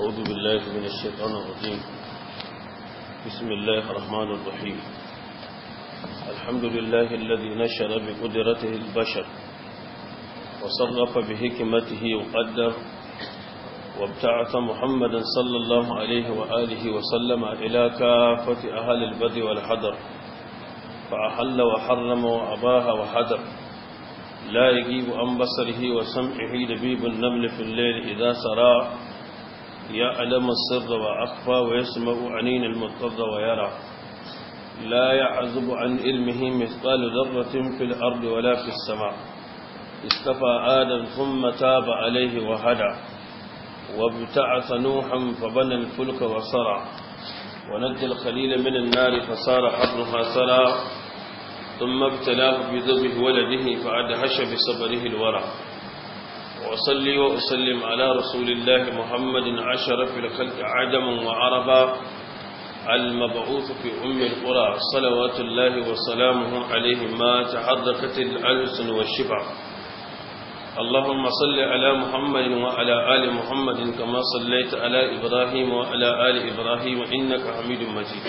أعوذ بالله من الشيطان الرجيم بسم الله الرحمن الرحيم الحمد لله الذي نشر بقدرته البشر وصرف بحكمته وقدر وابتعث محمدا صلى الله عليه وآله وسلم إلى كافة أهل البد والحضر فأحل وحرم وأباه وحضر لا يجيب عن بصره وسمعه لبيب النمل في الليل إذا سرى يعلم السر وأخفى ويسمع عنين المضطر ويرى لا يعزب عن علمه مثقال ذرة في الأرض ولا في السماء استفى آدم ثم تاب عليه وهدى وابتعث نوحا فبنى الفلك وصرع ونجى الخليل من النار فصار حبرها سرى ثم ابتلاه بذبه ولده فأدهش بصبره الورع وأصلي وأسلم على رسول الله محمد عشر في الخلق عدم وعربا المبعوث في أم القرى صلوات الله وسلامه عليه ما تحركت الألسن والشبع اللهم صل على محمد وعلى آل محمد كما صليت على إبراهيم وعلى آل إبراهيم إنك حميد مجيد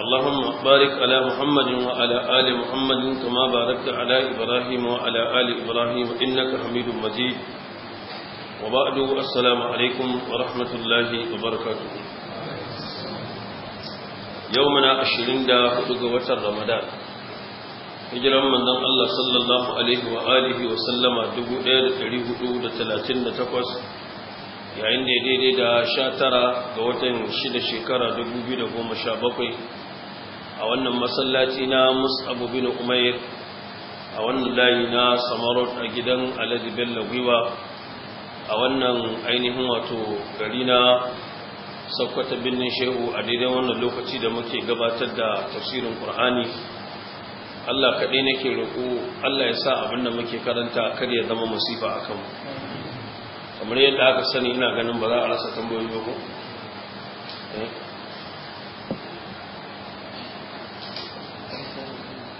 اللهم بارك على محمد وعلى آل محمد كما باركت على إبراهيم وعلى آل إبراهيم إنك حميد مجيد وبعد السلام عليكم ورحمة الله وبركاته يومنا عشرين دا خلق رمضان hijiran manzon Allah sallallahu alaihi wa alihi wa sallama 1438 yayin da daidai da 19 ga watan 6 shekara 2017 a wannan masallaci na musabu bin umair a wannan layi na samarot a gidan alhaji bello gwiwa a wannan ainihin wato gari na Sokoto birnin shehu a daidai wannan lokaci da muke gabatar da tafsirin ƙur'ani allah kaɗai nake roƙo allah ya sa abin da muke karanta kar ya zama musifa a kanmu kamar yadda aka sani ina ganin ba za a rasa tambayoyi ba ko eh.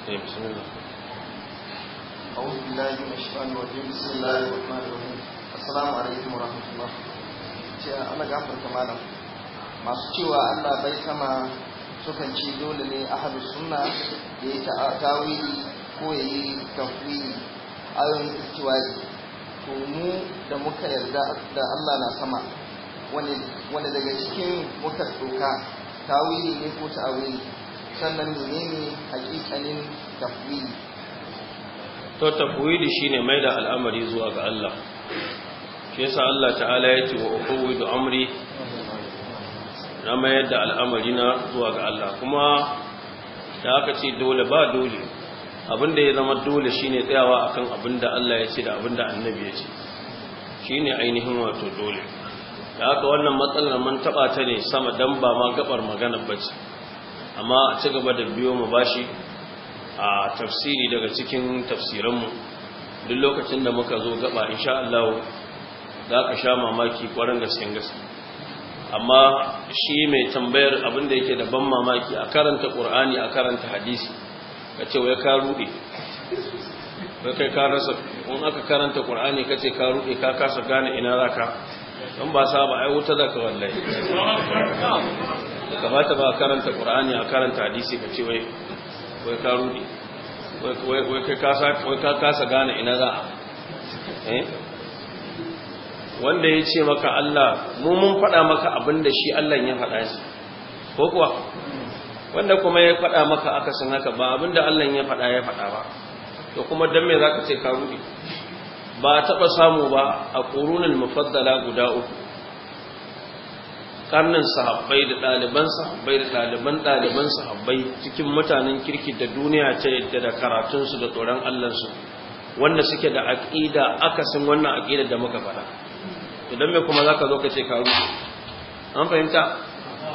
الرحيم بسم الله masu cewa Allah bai sama sukan ci dole ne ahadu sunna ya yi tawili ko da muka yarda da Allah na sama wani daga cikin muka doka tawili ne ko ta'awili sannan menene hakikanin tafwidi to tafwidi shine mai da al'amari zuwa ga Allah shi yasa Allah ta'ala ya ce wa uqwidu amri na mayar da al'amari na zuwa ga Allah kuma da aka ce dole ba dole abinda ya zama dole shine tsayawa akan abinda Allah ya ce da abinda annabi ya ce shine ainihin wato dole da aka wannan matsalar mun taba ta ne sama dan ba ma gabar magana bace amma ci gaba da biyo mu bashi a tafsiri daga cikin tafsiranmu duk lokacin da muka zo gaba insha Allah za ka sha mamaki kwarin gasken gaske amma shi mai tambayar abin da yake da ban mamaki a karanta ƙur'ani a karanta hadisi ka ce wai ka rude ba kai ka rasa in aka karanta ƙur'ani ka ce ka rude ka kasa gane ina za ka don ba sa ba ai wuta da ka wallahi da kamata ba karanta qur'ani a karanta hadisi ka ce wai wai ka rudi wai kai kasa wai ka kasa gane ina za eh wanda ya ce maka Allah mu mun faɗa maka abin da shi Allah ya faɗa shi ko kuwa wanda kuma ya faɗa maka aka san haka ba abin da Allah ya faɗa ya faɗa ba to kuma dan me zaka ce ka rudi ba taɓa samu ba a qurunul mufaddala guda uku karnin sahabbai da ɗaliban sahabbai da ɗaliban ɗaliban sahabbai cikin mutanen kirki da duniya ta yadda da karatunsu da tsoron su wanda suke da aƙida akasin wannan aƙida da muka faɗa idan mai kuma za ka zo ka ce ka rufe an fahimta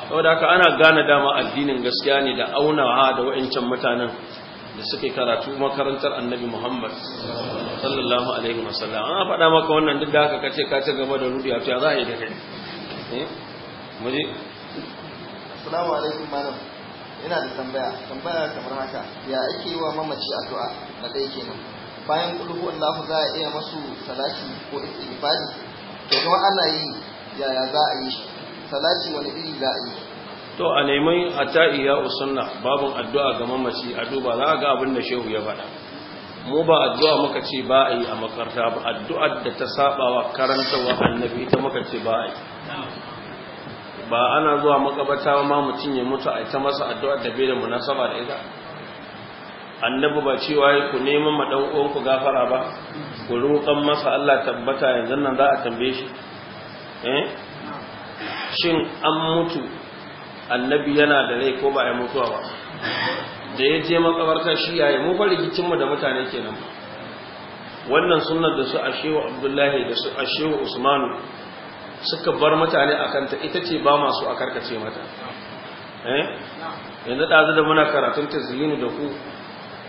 saboda haka ana gane dama addinin gaskiya ne da aunawa da wa'ancan mutanen da suke karatu makarantar annabi muhammad sallallahu alaihi wasallam an faɗa maka wannan duk da haka ka ce ka ci gaba da rufe a za a yi da kai eh? muje assalamu alaikum malam ina da tambaya tambaya kamar haka ya ake wa mamaci addu'a na dai kenan bayan kulhu Allah za a iya masu salati ko istighfari to kuma ana yi ya za a yi salati wani iri za a yi to a neman ata'iya usunna babun addu'a ga mamaci a duba za ga abin da shehu ya faɗa mu ba addu'a muka ce ba a yi a makarta ba addu'ar da ta saba wa karantawa annabi ita muka ce ba a yi ba ana zuwa makabata ma mutum ya mutu a ita masa addu'a da bai da munasaba da ita annabi ba cewa ku neman ma dan uwanku gafara ba ku roƙan masa Allah tabbata yanzu nan za a tambaye shi eh shin an mutu annabi yana da rai ko ba ya mutuwa ba da ya je makabarta shi yayi mu fa rigicin mu da mutane kenan wannan sunnar da su ashewa Abdullahi da su ashewa Usmanu suka bar mutane a kanta ita ce ba masu a karkace mata eh? yanzu ɗazu da muna karatun ta ziyinu da ku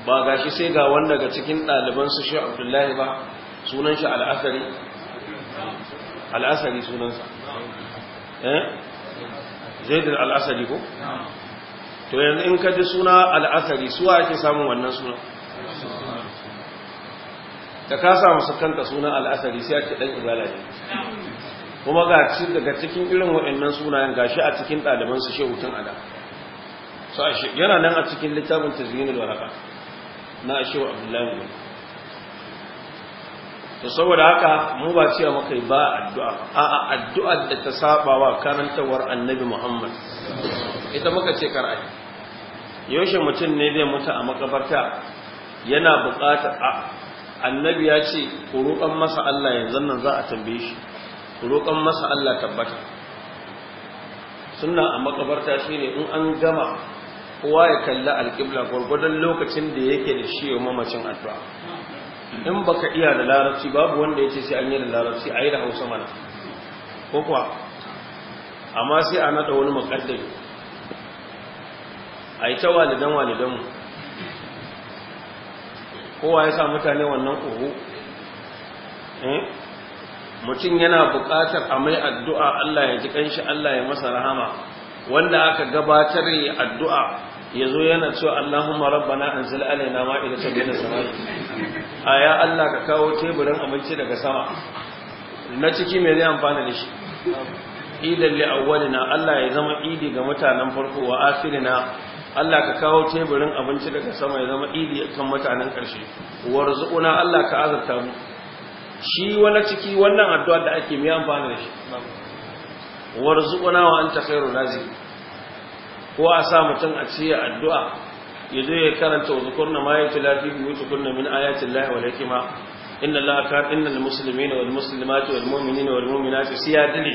ba gashi sai ga wanda ga cikin ɗaliban su shi abdullahi ba sunan shi al'asari al'asari sunansa eh? zaidar al'asari ko? to yanzu in ka ji suna al'asari suwa ake samun wannan suna Ta ka samu su kanta suna al'asari sai ake ɗan ibala ne kuma ga daga cikin irin waɗannan sunayen gashi a cikin ɗaliban su shehu tun adam yana nan a cikin littafin tazyinul waraka na shehu abdullahi ne to saboda haka mu ba cewa muka ba addu'a a'a addu'a da ta saba wa karantawar annabi Muhammad ita muka ce karai yaushe mutum ne zai mutu a makabarta yana buƙatar a annabi ya ce ku roƙan masa Allah yanzu nan za a tambaye shi roƙon masa Allah tabbata sunna a makabarta shine in an gama kowa ya kalli alƙibla gwargwadon lokacin da yake da shi mamacin addu'a in baka iya da larabci babu wanda ya ce sai an yi da larabci a yi da hausa mana ko kuwa amma sai a naɗa wani makaddari a yi ta walidan walidanmu kowa ya sa mutane wannan ƙoho eh? mutum yana buƙatar a mai addu'a Allah ya ji kanshi Allah ya masa rahama wanda aka gabatar ya addu'a ya zo yana cewa Allahumma rabbana anzil alaina ma'idatan min sama a ya Allah ka kawo teburin abinci daga sama na ciki me zai amfana da shi idan li awwalina Allah ya zama idi ga mutanen farko wa akhirina Allah ka kawo teburin abinci daga sama ya zama idi kan mutanen ƙarshe warzuquna Allah ka azurta mu shi wani ciki wannan addu'a da ake miya amfani da shi warzuqna wa an anta khairu raziq ko a sa mutum a ciye addu'a ya zo ya karanta zukurna ma ya tilafi bi kurna min ayatun lahi wal ma. inna allaha kana innal wani mummini na wani mu'minina wal mu'minati siyadili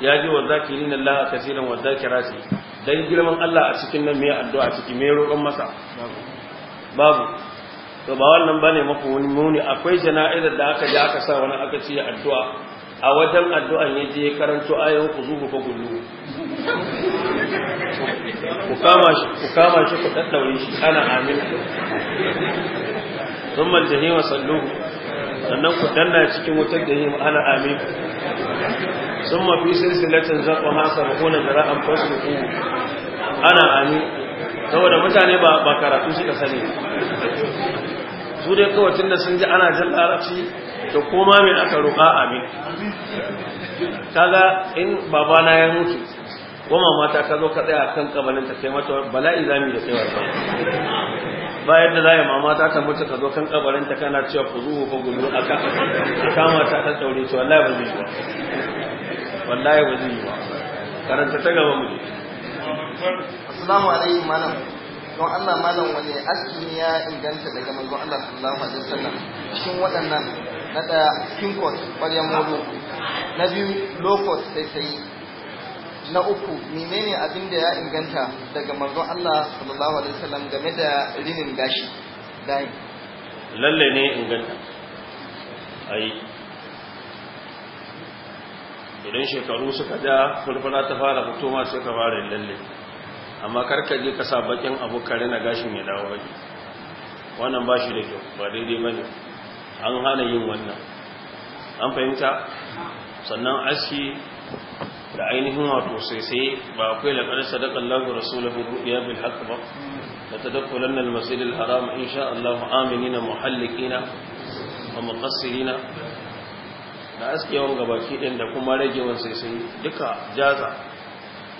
ya ji wa zakirina allaha wanda ke rasi dan girman Allah a cikin nan mai addu'a ciki me roƙon masa babu to ba wannan bane maka wani muni akwai jana'izar da aka ji aka sa wani aka ci addu'a a wajen addu'an ya je karanto ayoyin ku zuku ko gullu ku kama shi ku kama shi ku daddaure shi ana amin thumma jahima sallu sannan ku danna cikin wutar jahima ana amin sun mafi silsilatin da ra'an zara'an fasluhu ana amin saboda mutane ba karatu suka sani su dai kawai da sun ji ana jin larabci da koma mai aka roƙa amin kaga in babana ya mutu goma mata ka zo ka tsaya kan kabarin ta kai mata bala'i zami da kai warba ba yadda za ya mamata ta mutu ka zo kan kabarin ta kana cewa ku zuwa ko gudu aka kama ta ta tsaure ta wallahi ba zai yi ba wallahi ba zai yi ba karanta ta gaba mu je assalamu alaikum malam don Allah malam wani aski ne ya inganta daga manzon Allah sallallahu alaihi wasallam cikin waɗannan na ɗaya kinkot coat mulu na biyu low sai sai na uku menene abin da ya inganta daga manzon Allah sallallahu alaihi wasallam game da rinin gashi dai lalle ne inganta ai idan shekaru suka da furfura ta fara fitowa sai ka fara lalle amma karka je ka sa bakin abu kare na gashin ya dawo baki wannan ba shi da kyau ba daidai ba ne an hana yin wannan an fahimta sannan aski da ainihin wato sai sai ba akwai laƙar sadaƙar lagu rasulun ruɗiya bil haka ba da ta dakulan nan masjidil haram in sha Allah aminina muhallikina wa muqassirina da aski yawan gabaki ɗin da kuma ragewan sai sai duka jaza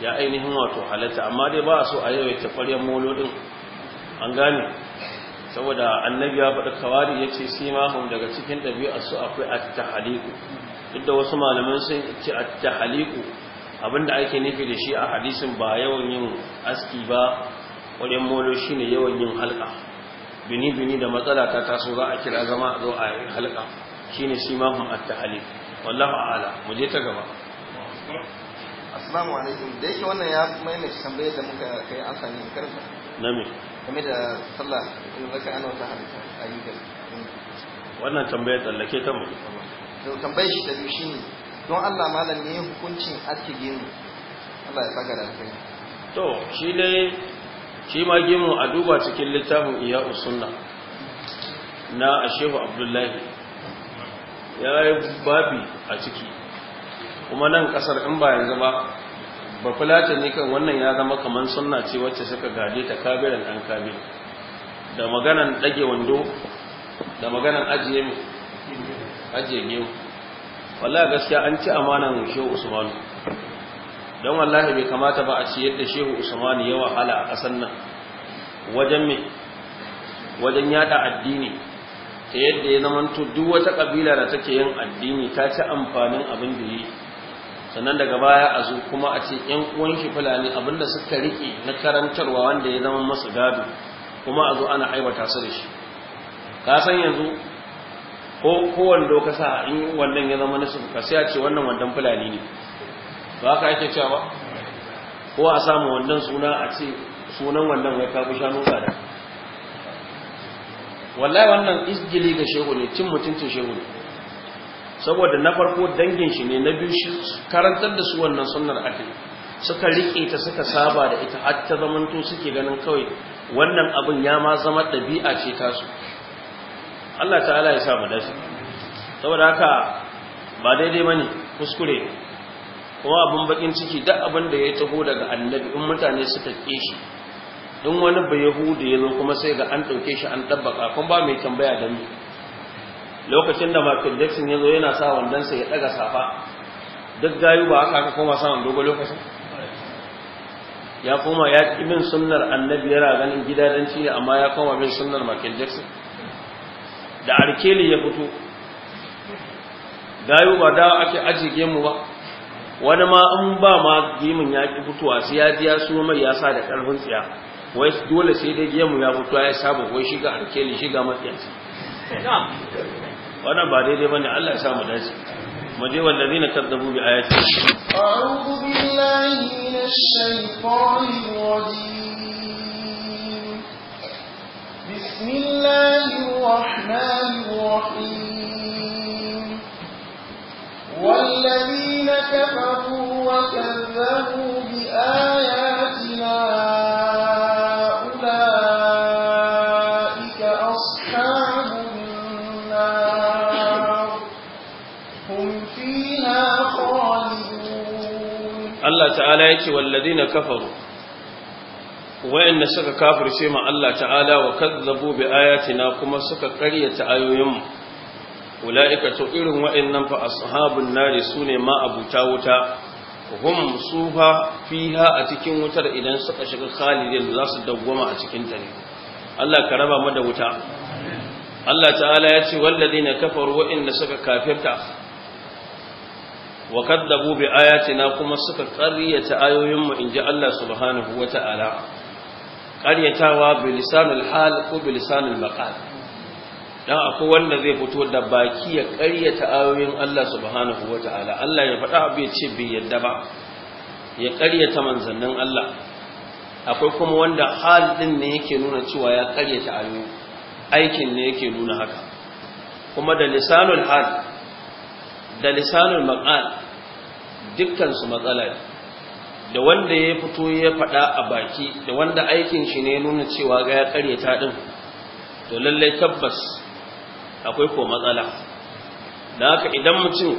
ya ainihin wato halatta amma dai ba a so a yawaita ƙwaryen molodin an gane saboda annabi ya faɗi kawari ya ce simahun daga cikin ɗabi'a su akwai attahaliku duk da wasu malaman sun ce attahaliku abinda ake nufi da shi a hadisin ba yawan yin aski ba wajen molo shi ne yawan yin halka bini-bini da matsala ta taso za a kira zama zo a yi halka shi ne simahun attahaliku wallahu a'ala mu je ta gaba assalamu alaikum da yake wannan ya maimaita tambayar da muka kai an sami karanta nami game da sallah in zaka ana wata yi ayyukan wannan tambayar tsallake ta mu to tambayar shi da shi ne don Allah malam ne hukuncin ake gemu Allah ya saka da kai to shi dai shi ma gemu a duba cikin littafin iya usunna na ashehu abdullahi ya yi babi a ciki kuma nan kasar in ba yanzu ba ba fulata ne kan wannan ya zama kamar sunna ce wacce suka gaje ta kabiran an kabir da maganan dage wando da maganan ajiye mu ajiye gemu wallahi gaskiya an ci amanan shehu usman don wallahi bai kamata ba a ci yadda shehu usman ya wahala a kasar nan wajen me wajen yada addini ta yadda ya zama duk wata kabila da take yin addini ta ci amfanin abin da yi sannan daga baya a zo kuma a ce ‘yan uwan shi fulani abinda suka riƙe na karantarwa wanda ya zama masu gado kuma a zo ana aiwata su da shi ka san yanzu ko kowane doka sa in wannan ya zama nasu ka sai a ce wannan wandan fulani ne ba ka ake cewa ba ko a samu wandan suna a ce sunan wannan ya kafi shanu tsada wallahi wannan isgili ga shehu ne cin mutuncin shehu ne saboda na farko dangin shi ne na biyu shi karantar da su wannan sunnar ake suka rike ta suka saba da ita har ta zamanto suke ganin kawai wannan abin ya ma zama ɗabi'a ce tasu Allah ta'ala ya sa mu dace saboda haka ba daidai bane kuskure kuma abin bakin ciki duk abin da ya taho daga annabi in mutane suka ke shi don wani bayahu da ya zo kuma sai ga an ɗauke shi an ɗabbaka kun ba mai tambaya da mu lokacin da Michael Jackson ya zo yana sa wandonsa ya daga safa duk gayu ba haka aka koma sa wando dogon lokacin ya koma ya ki bin sunnar annabi yana ganin gidadanci ne amma ya koma bin sunnar Michael Jackson da arkeli ya fito gayu ba da ake aji gemu ba wani ma in ba ma gemun ya ki fitowa sai ya ji ya so mai ya sa da karfin tsiya wai dole sai dai gemu ya fito ya saba wai shiga arkeli shiga matsayin wannan ba daidai bane Allah ya sa mu dace mu je wallazina kadzabu bi ayati a'udhu billahi minash shaitanir rajim bismillahir rahmanir rahim kafaru wa kadzabu bi ayati Allah ta'ala kafaru suka kafirce ma Allah ta'ala wa kazzabo bi ayatina kuma suka karyata ayoyinmu ulaika to irin nan fa ashabun nari sune ma abuta wuta hum sufa fiha a cikin wutar idan suka shiga khalidin za su dawwama a cikin ta ne Allah ka raba mu da wuta Allah ta'ala ya ce na kafaru wa'anda suka kafirta wa kadzabu bi ayatina kuma suka qaryata ayoyinmu inji Allah subhanahu wata'ala qaryatawa bi lisanil hal ko bi lisanil maqal dan akwai wanda zai fito da baki ya qaryata ayoyin Allah subhanahu wata'ala Allah ya faɗa abu ya ce bai yadda ba ya qaryata manzannin Allah akwai kuma wanda hal din ne yake nuna cewa ya qaryata ayoyi aikin ne yake nuna haka kuma da lisanul hal da lisanul maqal dukkansu matsala ne da wanda ya fito ya faɗa a baki da wanda aikin shi ne nuna cewa ga ya karyata din to lallai tabbas akwai ko matsala da haka idan mutum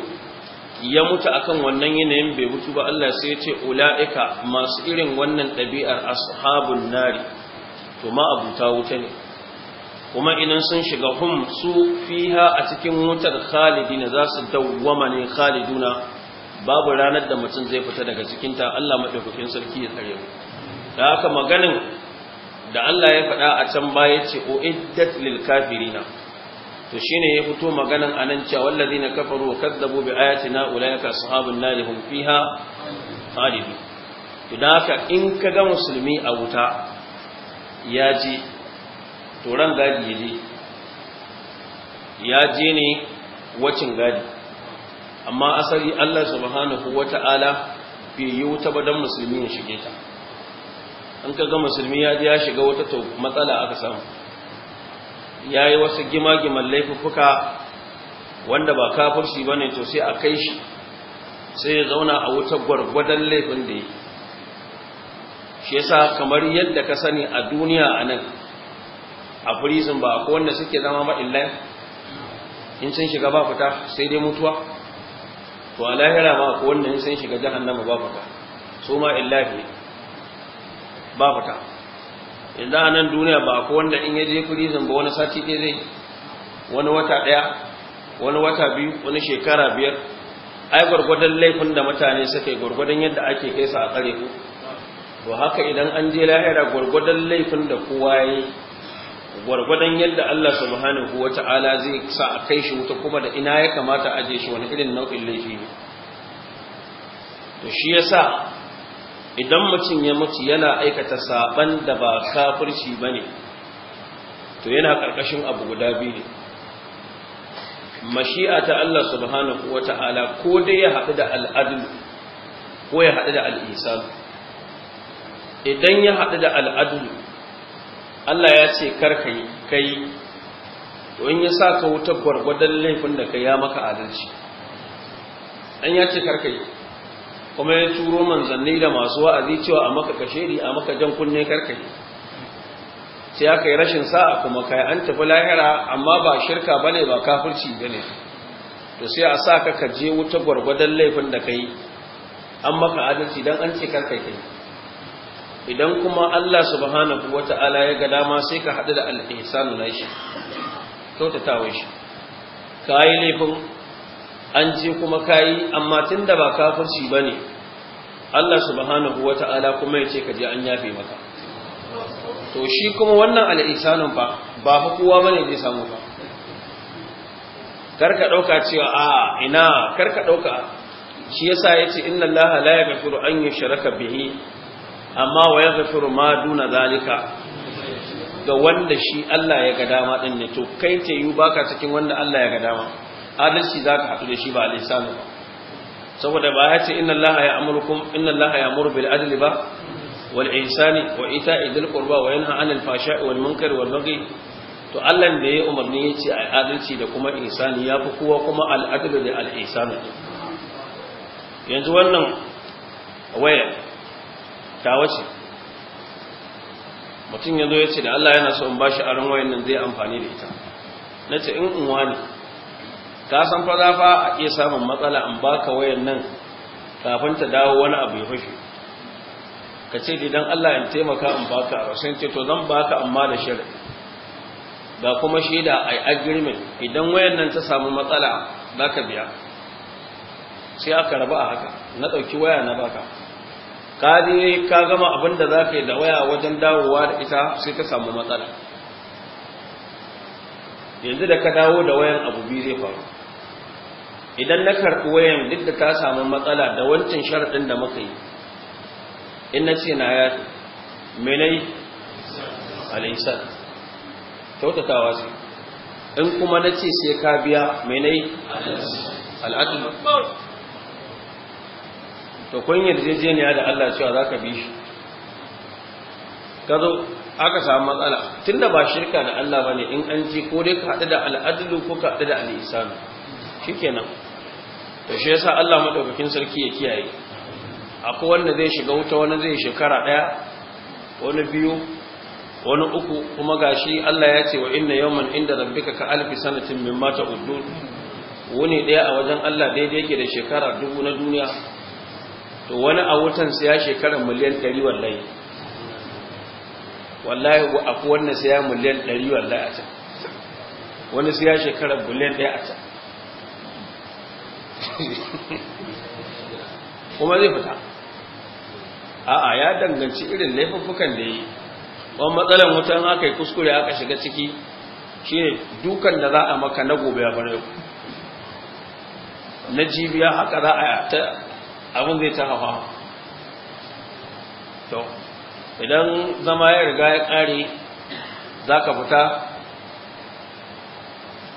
ya mutu akan wannan yanayin bai mutu ba Allah sai ya ce ula'ika masu irin wannan ɗabi'ar ashabun nari to ma abuta wuta ne kuma idan sun shiga hum su fiha a cikin wutar khalidina za su dawwama ne khaliduna babu ranar da mutum zai fita daga cikinta Allah maɗaukakin sarki ya tsare mu da haka maganin da Allah ya faɗa a can baya ce o iddat lil kafirina to shine ya fito maganan anan cewa wallazina kafaru wa kazzabu bi ayatina ulaika ashabun nar hum fiha khalidun to da haka in ka ga musulmi a wuta ya ji to ran gadi ya je ya je ne wacin gadi amma asali Allah subhanahu wata'ala bai yi wuta ba dan musulmi ya shige ta an kaga musulmi ya ji ya shiga wata to matsala aka samu yayi wasu gimagiman laifuka wanda ba kafirci bane to sai a kai shi sai ya zauna a wuta gwargwadon laifin da yi shi yasa kamar yadda ka sani a duniya anan, a prison ba akwai wanda suke zama ba in sun shiga ba fita sai dai mutuwa to a lahira ma ko wannan in sun shiga jahannama ba fata so ma illahi ba fata Idan a nan duniya ba ko wanda in yaje prison ba wani sati ɗaya zai wani wata ɗaya wani wata biyu wani shekara biyar ai gwargwadon laifin da mutane suka yi gwargwadon yadda ake kai sa a kare ku to haka idan an je lahira gwargwadon laifin da kowa ya yi gwargwadon yadda Allah subhanahu Ta'ala zai sa a kai shi wuta kuma da ina ya kamata a je shi wani irin nau'in laifi ne to shi sa idan mutum ya mutu yana aikata saban da ba kafirci bane to yana karkashin abu guda biyu ne mashi'a ta Allah subhanahu Ta'ala ko dai ya haɗu da al'adu ko ya haɗu da al'isan idan ya haɗu da al'adu. Allah ya ce karka yi kai to in ya sa ka wuta gwargwadon laifin da ka ya maka adalci an ya ce karka yi kuma ya turo manzanni da masu wa'azi cewa a maka kasheri a maka jan kunne karka yi sai aka yi rashin sa'a kuma ka yi, an tafi lahira amma ba shirka bane ba kafirci bane to sai a sa ka je wuta gwargwadon laifin da ka yi, an maka adalci don an ce karka kai idan kuma Allah subhanahu wata'ala ya ga dama sai ka haɗu da al'ihsanu na shi kyautatawa shi ka yi laifin an je kuma ka yi amma tun da ba kafirci ba ne Allah subhanahu wata'ala kuma ya ce ka je an yafe maka to shi kuma wannan al'isanun ba, ba fa kowa ba ne zai samu ba karka ɗauka cewa a ina karka ɗauka shi yasa ya ce inna Allah la yaghfiru an yushraka bihi amma wa yaghfiru ma duna zalika ga wanda shi Allah ya ga dama din ne to kai ce yi baka cikin wanda Allah ya ga dama adalci zaka haɗu da shi ba lisanu ba saboda ba ya ce inna Allah ya amurkum inna Allah ya amuru bil adli ba wal ihsani wa ita'i dhil qurba wa yanha 'anil fahsha'i wal munkari wal baghi to Allah da ya umarni ya ce ai adalci da kuma ihsani ya fi kowa kuma al adlu da al ihsani yanzu wannan waya mutum ya zo ya ce da Allah yana so in ba shi aron wayan nan zai amfani da ita na ce in unwa ne ka san fa za fa a iya samun matsala in ka wayan nan kafin ta dawo wani abu ya fashe ka ce idan Allah in taimaka in ka a rasu ce to zan ba ka amma da shirin ga kuma shi da a agreement idan wayan nan ta samu matsala za ka biya sai aka rabu a haka na ɗauki waya na baka ka je ka gama abin da za ka yi da waya wajen dawowa da ita sai ka samu matsala yanzu da ka dawo da wayan abu biyu zai faru idan na karɓi wayan duk da ta samu matsala da wancan sharaɗin da muka yi in na ce na ya menai alaisan kyautatawa sai in kuma na ce sai ka biya menai al'adu to kun yarjejeniya da Allah cewa za ka bi shi ka zo aka samu matsala Tunda da ba shirka da Allah ba ne in an ji ko dai ka haɗu da al'adulu ko ka haɗu da al’isan shi kenan to shi yasa Allah maɗaukakin sarki ya kiyaye akwai wanda zai shiga wuta wani zai shekara ɗaya wani biyu wani uku kuma gashi Allah ya ce wa inna yawman inda rabbika ka alfi sanatin mimma ta'udun wani ɗaya a wajen Allah daidai yake da shekara dubu na duniya to wani a wutan siya shekara miliyan 100 wallahi wallahi akwai wannan siya miliyan 100 wallahi a ta wani siya shekara miliyan 1 a ta kuma zai fita a'a ya danganci irin laifuffukan da yi wa matsalan wutan aka yi kuskure aka shiga ciki shine dukan da za a maka na gobe ya bane na jibiya haka za a ta abin zai ta hawa to idan zama ya riga ya ƙare za ka fita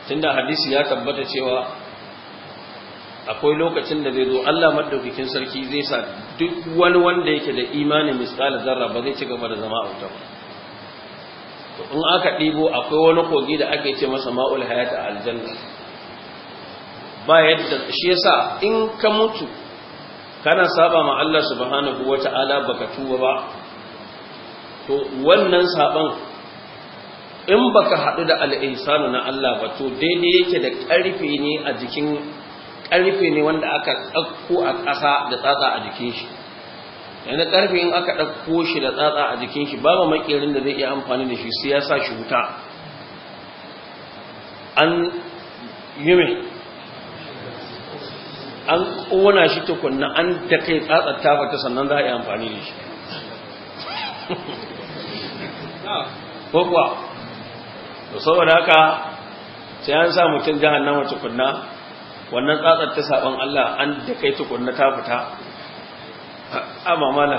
tunda hadisi ya tabbata cewa akwai lokacin da zai zo Allah madaukakin sarki zai sa duk wani wanda yake da imanin misali zarra ba zai ci gaba da zama a ba to in aka dibo akwai wani kogi da ake ce masa ma'ul hayat aljanna ba yadda shi yasa in ka mutu kana saba ma Allah subhanahu wata'ala baka tuba ba to wannan saban in baka hadu da al-insanu na Allah ba to daidai yake da karfe ne a jikin karfe ne wanda aka ɗauko a ƙasa da tsatsa a jikin shi yana karfe in aka ɗauko shi da tsatsa a jikin shi babu makerin da zai iya amfani da shi sai ya sa shi wuta an yi an ƙona shi tukunna an da kai tsatsar tafata sannan za a yi amfani da shi ko kuwa da saboda haka sai an sa mutum jihar nama tukunna wannan tsatsar ta saban Allah an da kai tukunna ta fita amma mala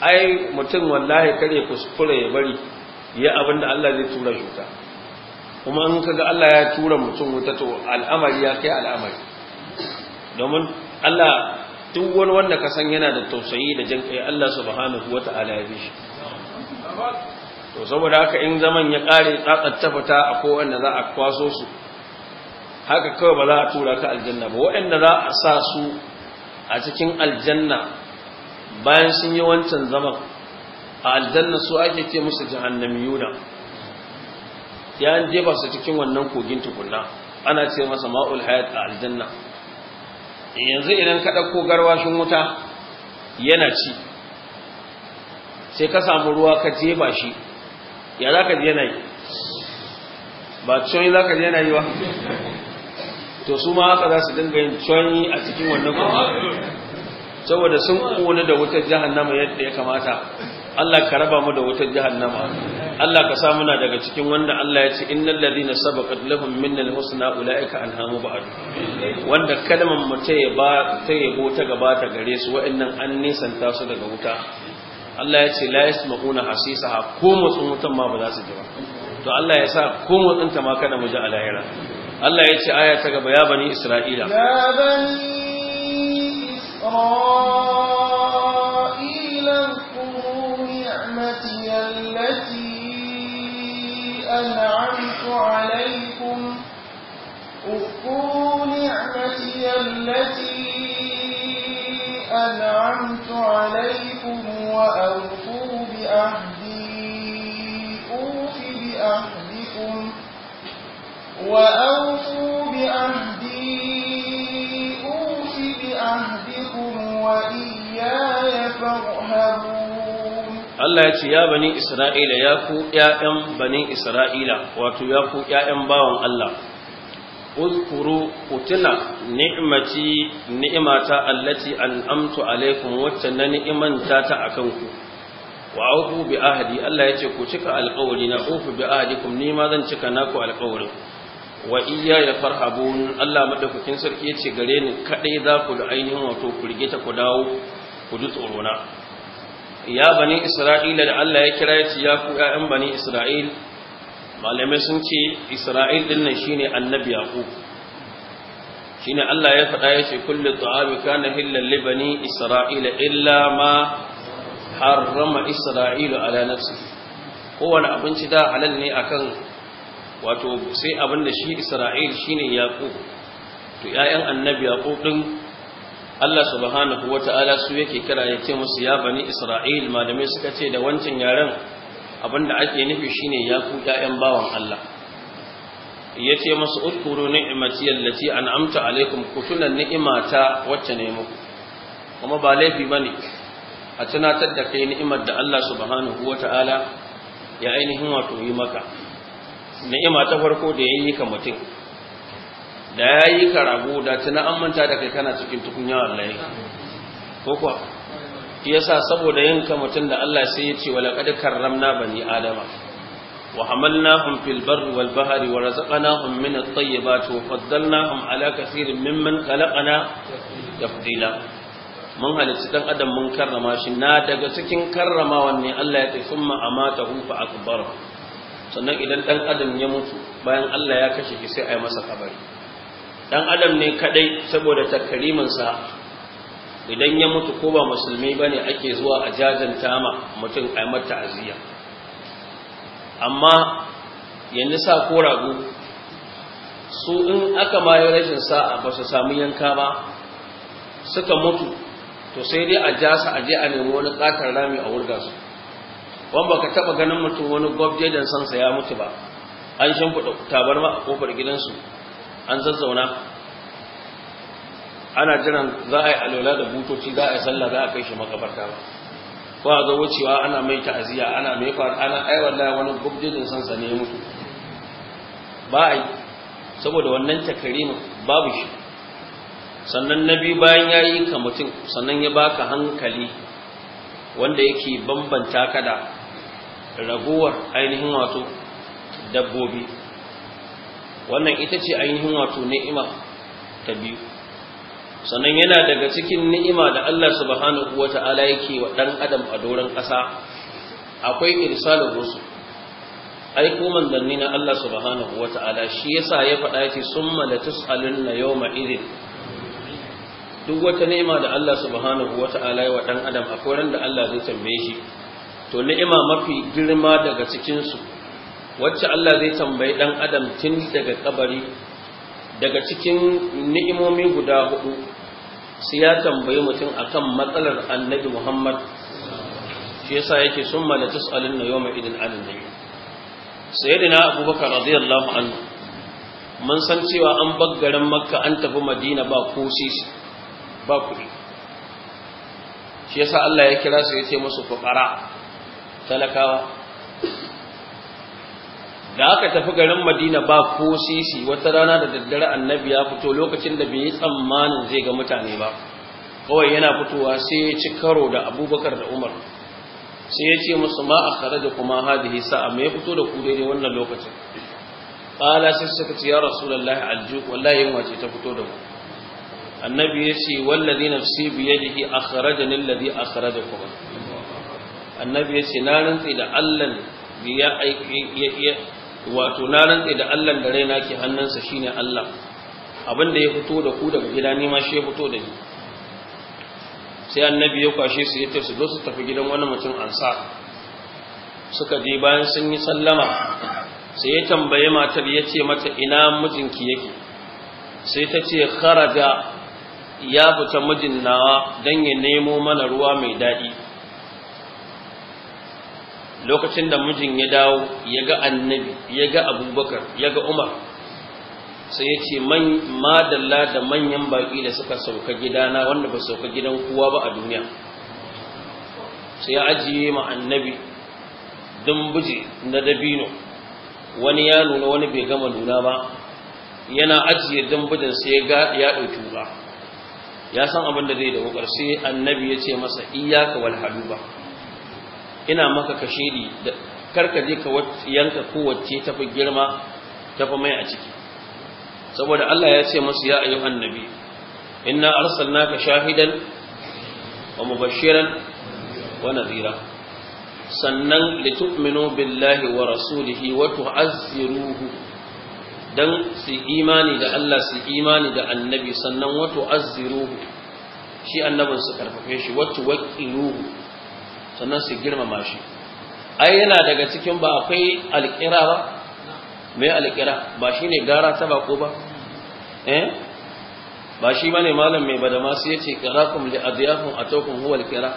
ai mutum wallahi kare kuskure ya bari ya abin da Allah zai tura shuta kuma in kaga Allah ya tura mutum wuta to al'amari ya kai al'amari domin Allah duk wani wanda ka san yana da tausayi da jin kai Allah subhanahu wata'ala ya bishi to saboda haka in zaman ya kare tsatsatta fita a kowanne za a kwaso su haka kawai ba za a tura ka aljanna ba waɗanda za a sa su a cikin aljanna bayan sun yi wancan zaman a aljanna su ake ce musu yuda ya jefa su cikin wannan kogin tukunna ana ce masa ma'ul hayat a aljanna Eh, yanzu idan ka ɗauko garwashin wuta yana ci sai ka samu ruwa ka jeba shi ya za ka yana yi ba coyi za ka yana yi ba to su ma haka za su dinga yin coyi a cikin wannan kuma saboda sun kone da wutar jahannama yadda ya kamata Allah ka raba mu da wutar jahannama Allah ka sa muna daga cikin wanda Allah ya ce innal ladina sabaqat lahum minnal husna ulaika anhamu ba'd wanda kalmar mu ta ba ta yabo ta gabata gare su wa'annan an nisanta su daga wuta Allah ya ce la yasma'una hasisaha ko mutsun wutan ma ba za su ji ba to Allah ya sa ko mutsun ta ma kada mu ji a lahira Allah ya ce aya ta gaba ya bani Isra'ila ya bani Isra'ila أنعمت عليكم اذكروا نعمتي التي أنعمت عليكم وأوفوا بأهدي أوف بأهدكم وأوفوا بأهدي أوف بأهدكم وإياي فارهبون Allah ya ce ya bani Isra'ila ya ku ‘ya'yan bani Isra'ila wato ya ku ‘ya'yan bawan Allah, uzkuru kutuna ni'imati ni'imata allati al'amtu alaikum wacce na ni'imanta ta a kanku, wa auku bi ahadi Allah ya ce ku cika alkawari na uku bi ahadikum ni ma zan cika naku alkawarin. Wa iya ya farhabun Allah maɗaukakin sarki ya ce gare ni kaɗai za ku da ainihin wato ku rigita ku dawo ku ji tsorona. ya bani isra'ila da Allah ya kira ya ce ya ku ƴaƴan bani isra'il malamai sun ce isra'il din nan shine annabi yaqub shine Allah ya faɗa ya ce kullu ta'ami kana hillal li bani isra'ila illa ma harrama isra'ilu ala nafsi kowane abinci da halal ne akan wato sai abin da shi isra'il shine yaqub to ƴaƴan annabi yaqub din Allah subhanahu ta’ala su yake kira ya ce musu ya bani Isra'il malamai suka ce da wancan yaren abinda ake nufi shine ya ku ƴaƴan bawan Allah Ya ce musu udkuru ni'mati allati an'amta alaikum kutuna ni'imata wacce ne muku kuma ba laifi bane a tunatar da kai ni'imar da Allah subhanahu ta’ala ya ainihin wato yi maka ni'ima ta farko da yayi ka mutum da ya yi ka rago da tuna an manta da kai kana cikin tukunya wallahi ko kuwa sa saboda yin ka mutum da Allah sai ya ce wa laqad karramna bani adama wa hamalnahum fil barri wal bahri wa razaqnahum min at-tayyibati wa faddalnahum ala kaseerin mimman khalaqna tafdila mun halitta dan adam mun karrama shi na daga cikin karrama wanne Allah ya ce summa amatahu fa akbar sannan idan dan adam ya mutu bayan Allah ya kashe shi sai a yi masa kabari dan adam ne kadai saboda sa idan ya mutu ko ba musulmi bane ake zuwa a jajanta ma mutum ai mata aziya amma yanzu sa ko ragu. su in aka mai rashin sa'a ba su samu yanka ba suka mutu to sai dai a ja su a je a nemi wani ƙatar rami a wurga su wan baka taba ganin mutum wani gwabje dan sansa ya mutu ba an shimfiɗa tabarma a ƙofar gidansu an zazzauna ana jiran za a yi alola da butoci za a yi sallah za a kai shi makabarta ba ko a ga wucewa ana mai ta'aziyya ana mai faru ana aiwar da wani gubdin sansa ne mutu ba a saboda wannan takarimin babu shi sannan na biyu bayan ya yi ka mutum sannan ya baka hankali wanda yake bambanta ka da raguwar ainihin wato dabbobi wannan ita ce ainihin wato ni'ima ta biyu sannan yana daga cikin ni'ima da Allah subhanahu ta'ala yake wa dan adam a doron ƙasa akwai irsalin rusul aiko manzanni na Allah subhanahu ta'ala shi yasa ya faɗa yake summa latus'alunna yawma idin duk wata ni'ima da Allah subhanahu ta'ala ya wa dan adam akwai ran da Allah zai tambaye shi to ni'ima mafi girma daga cikin su wacce Allah zai tambayi dan adam tun daga kabari daga cikin ni'imomi guda hudu sai ya tambayi mutum akan matsalar annabi Muhammad shi yasa yake summa la tus'alunna yawma idin anin nabi sayyidina abubakar radiyallahu anhu mun san cewa an baggaran makka an tafi madina ba kusi ba kuɗi shi yasa Allah ya kira su ya ce musu fuqara talakawa da aka tafi garin madina ba ko sisi wata rana da daddare annabi ya fito lokacin da bai yi tsammanin zai ga mutane ba kawai yana fitowa sai ya ci karo da abubakar da umar sai ya ce musu ma a kare da kuma hadihi sa'a me ya fito da ku daidai wannan lokacin qala sai suka ce ya rasulullahi aljuk wallahi yin wace ta fito da mu annabi ya ce wallazi nafsi bi yadihi akhrajani alladhi akhrajakum annabi ya ce na rantsi da Allah ya aiki wato na rantse da Allah da raina ke hannunsa shine Allah abin da ya fito da ku daga gida ni ma shi ya fito da ni sai annabi ya kwashe su ce su zo su tafi gidan wani mutum ansa suka je bayan sun yi sallama sai ya tambaye matar ya ce mata ina mijinki yake sai ta ce kharaja ya fita mijin nawa dan ya nemo mana ruwa mai daɗi lokacin da mijin ya dawo ya ga annabi ya ga abubakar ya ga umar sai ya ce madalla da manyan baƙi da suka sauka gidana wanda ba sauka gidan kowa ba a duniya sai ya ajiye ma annabi don buje na dabino wani ya nuna wani bai gama nuna ba yana ajiye don bujin sai ya ɗauki ba ya san abin da zai da wukar sai annabi ya ce masa iyaka wal haluba ina maka kashiri da karka je ka yanka kowace tafi girma tafi mai a ciki saboda Allah ya ce masu ya ayyuhan annabi inna arsalnaka shahidan wa mubashiran wa nadhira sannan litu'minu billahi wa rasulihi wa tu'azziruhu dan su imani da Allah su imani da annabi sannan wa tu'azziruhu shi annabin su karfafe shi wa tuwaqqiruhu sannan su girmama shi ai yana daga cikin ba akwai alƙira ba me alƙira ba shi ne gara ta bako ba eh ba shi ba ne malam mai bada ma sai ce ƙirakun da adiyakun a huwa alƙira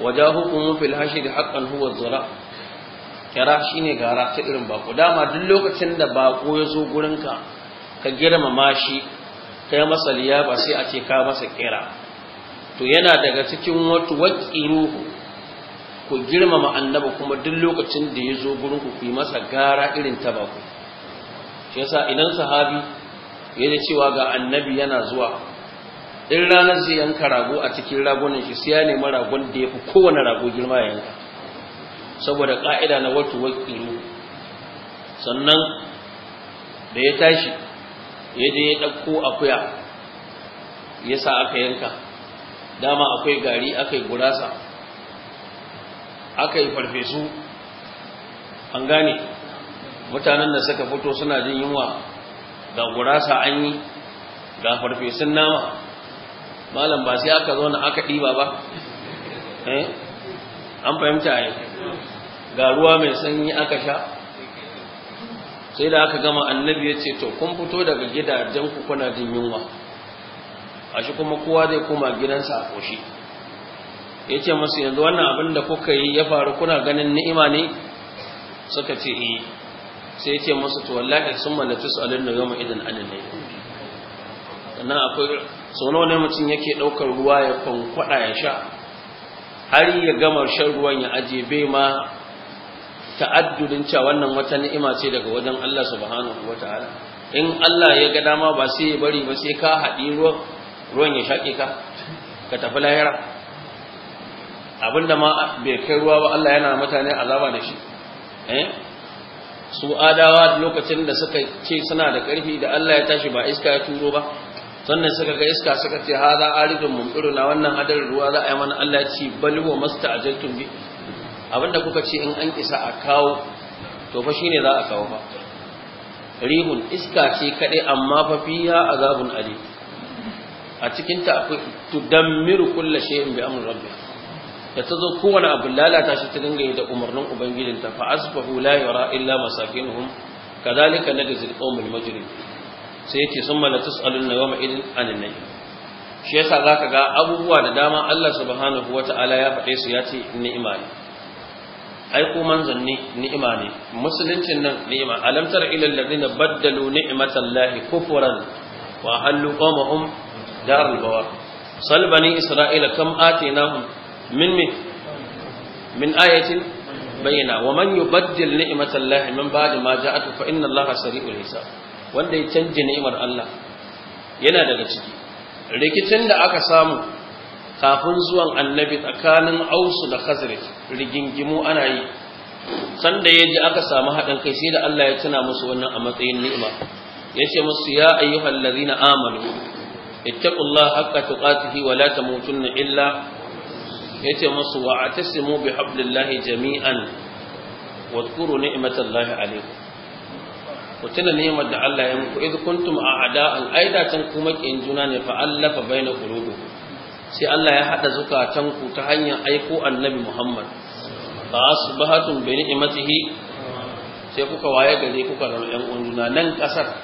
wajahukum fil filhashi da huwa zura ƙira shi ne gara ta irin bako dama duk lokacin da bako ya zo gurinka ka girmama shi ka yi masa liya ba sai a ce ka masa ƙira to yana daga cikin wato waqiruhu ku girmama annaba kuma duk lokacin da ya zo gurin ku yi masa gara irin ta baku shi yasa idan sahabi ya ji cewa ga annabi yana zuwa din ranar zai yanka rago a cikin ragunan shi sai ya nemi ragon da ya fi kowane rago girma ya yanka saboda ƙa'ida na wato wakilu sannan da ya tashi ya je ya ɗauko akuya ya sa aka yanka dama akwai gari akai gurasa aka yi farfesu an gane mutanen da suka fito suna jin yunwa ga gurasa an yi ga farfesun nama malam ba sai aka zo na aka ɗiba ba eh? an fahimta yi ga ruwa mai sanyi aka sha sai da aka gama annabi ya ce to kun fito daga gidajen ku kuna jin yunwa a shi kuma kowa zai koma gidansa a koshi ya ce masu yanzu wannan abin da kuka yi ya faru kuna ganin ni'ima ne suka ce yi eh. sai ya ce masu tuwalla wallahi sun malatu su alin da ma idan anin ne sannan akwai sau nawa ne mutum yake ɗaukar ruwa ya kwankwaɗa ya sha har ya gama shan ruwan ya ajiye bai ma ta'addudin cewa wannan wata ni'ima ce daga wajen Allah subhanahu Ta'ala. in Allah ya ga dama ba sai ya bari ba sai ka haɗi ruwan ruwan ya shaƙe ka ka tafi lahira abinda ma bai kai ruwa ba Allah yana mutane azaba da shi eh? su adawa lokacin da suka ce suna da ƙarfi da Allah ya tashi ba iska ya turo ba sannan suka ga iska suka ce ha hada aridun mumtiru na wannan hadarin ruwa za a yi mana Allah ya ce bal wa masta'ajaltum bi abinda kuka ce in an isa a kawo to fa shine za a kawo ba rihun iska ce kaɗai amma fa fiya azabun ali a cikin ta akwai tudammiru kullu shay'in bi amri rabbih da ta zo kowane abu lalata shi ta dinga yi da umarnin ubangijinta fa asbahu la yara illa masakinuhum kadhalika najzil qawmul mujrim sai yace summa la tusaluna yawma idin anin nahi shi yasa zaka ga abubuwa da dama Allah subhanahu wataala ya faɗe su ya ce ni'ima ne aiko manzanni ni'ima ne musuluncin nan ni'ima alam tara ila alladhina baddalu ni'matallahi kufran wa halu qawmahum dar al-bawar sal bani isra'ila kam atinahum min me min ayatin bayyana wa man yubaddil ni'matallahi min ba'di ma ja'atu fa inna allaha sari'ul hisab wanda ya canje ni'imar Allah yana daga ciki rikicin da aka samu kafin zuwan annabi tsakanin ausu da khazraj rigingimu ana yi sanda ya ji aka samu haɗin kai sai da Allah ya tuna musu wannan a matsayin ni'ima ya ce musu ya ayyuhal ladina amanu ittaqullaha haqqa tuqatihi wa la tamutunna illa yace musu wa atasimu bi hablillahi jami'an wadhkuru ni'matallahi alaykum ku tuna ni'imar da Allah ya muku idh kuntum a'da'an aida tan ku makiyin juna ne fa allafa baina qulubi sai Allah ya hada zukatan ku ta hanyar aiko annabi Muhammad fa asbahatum bi ni'matihi sai kuka waye gare kuka zama yan uwan juna nan kasar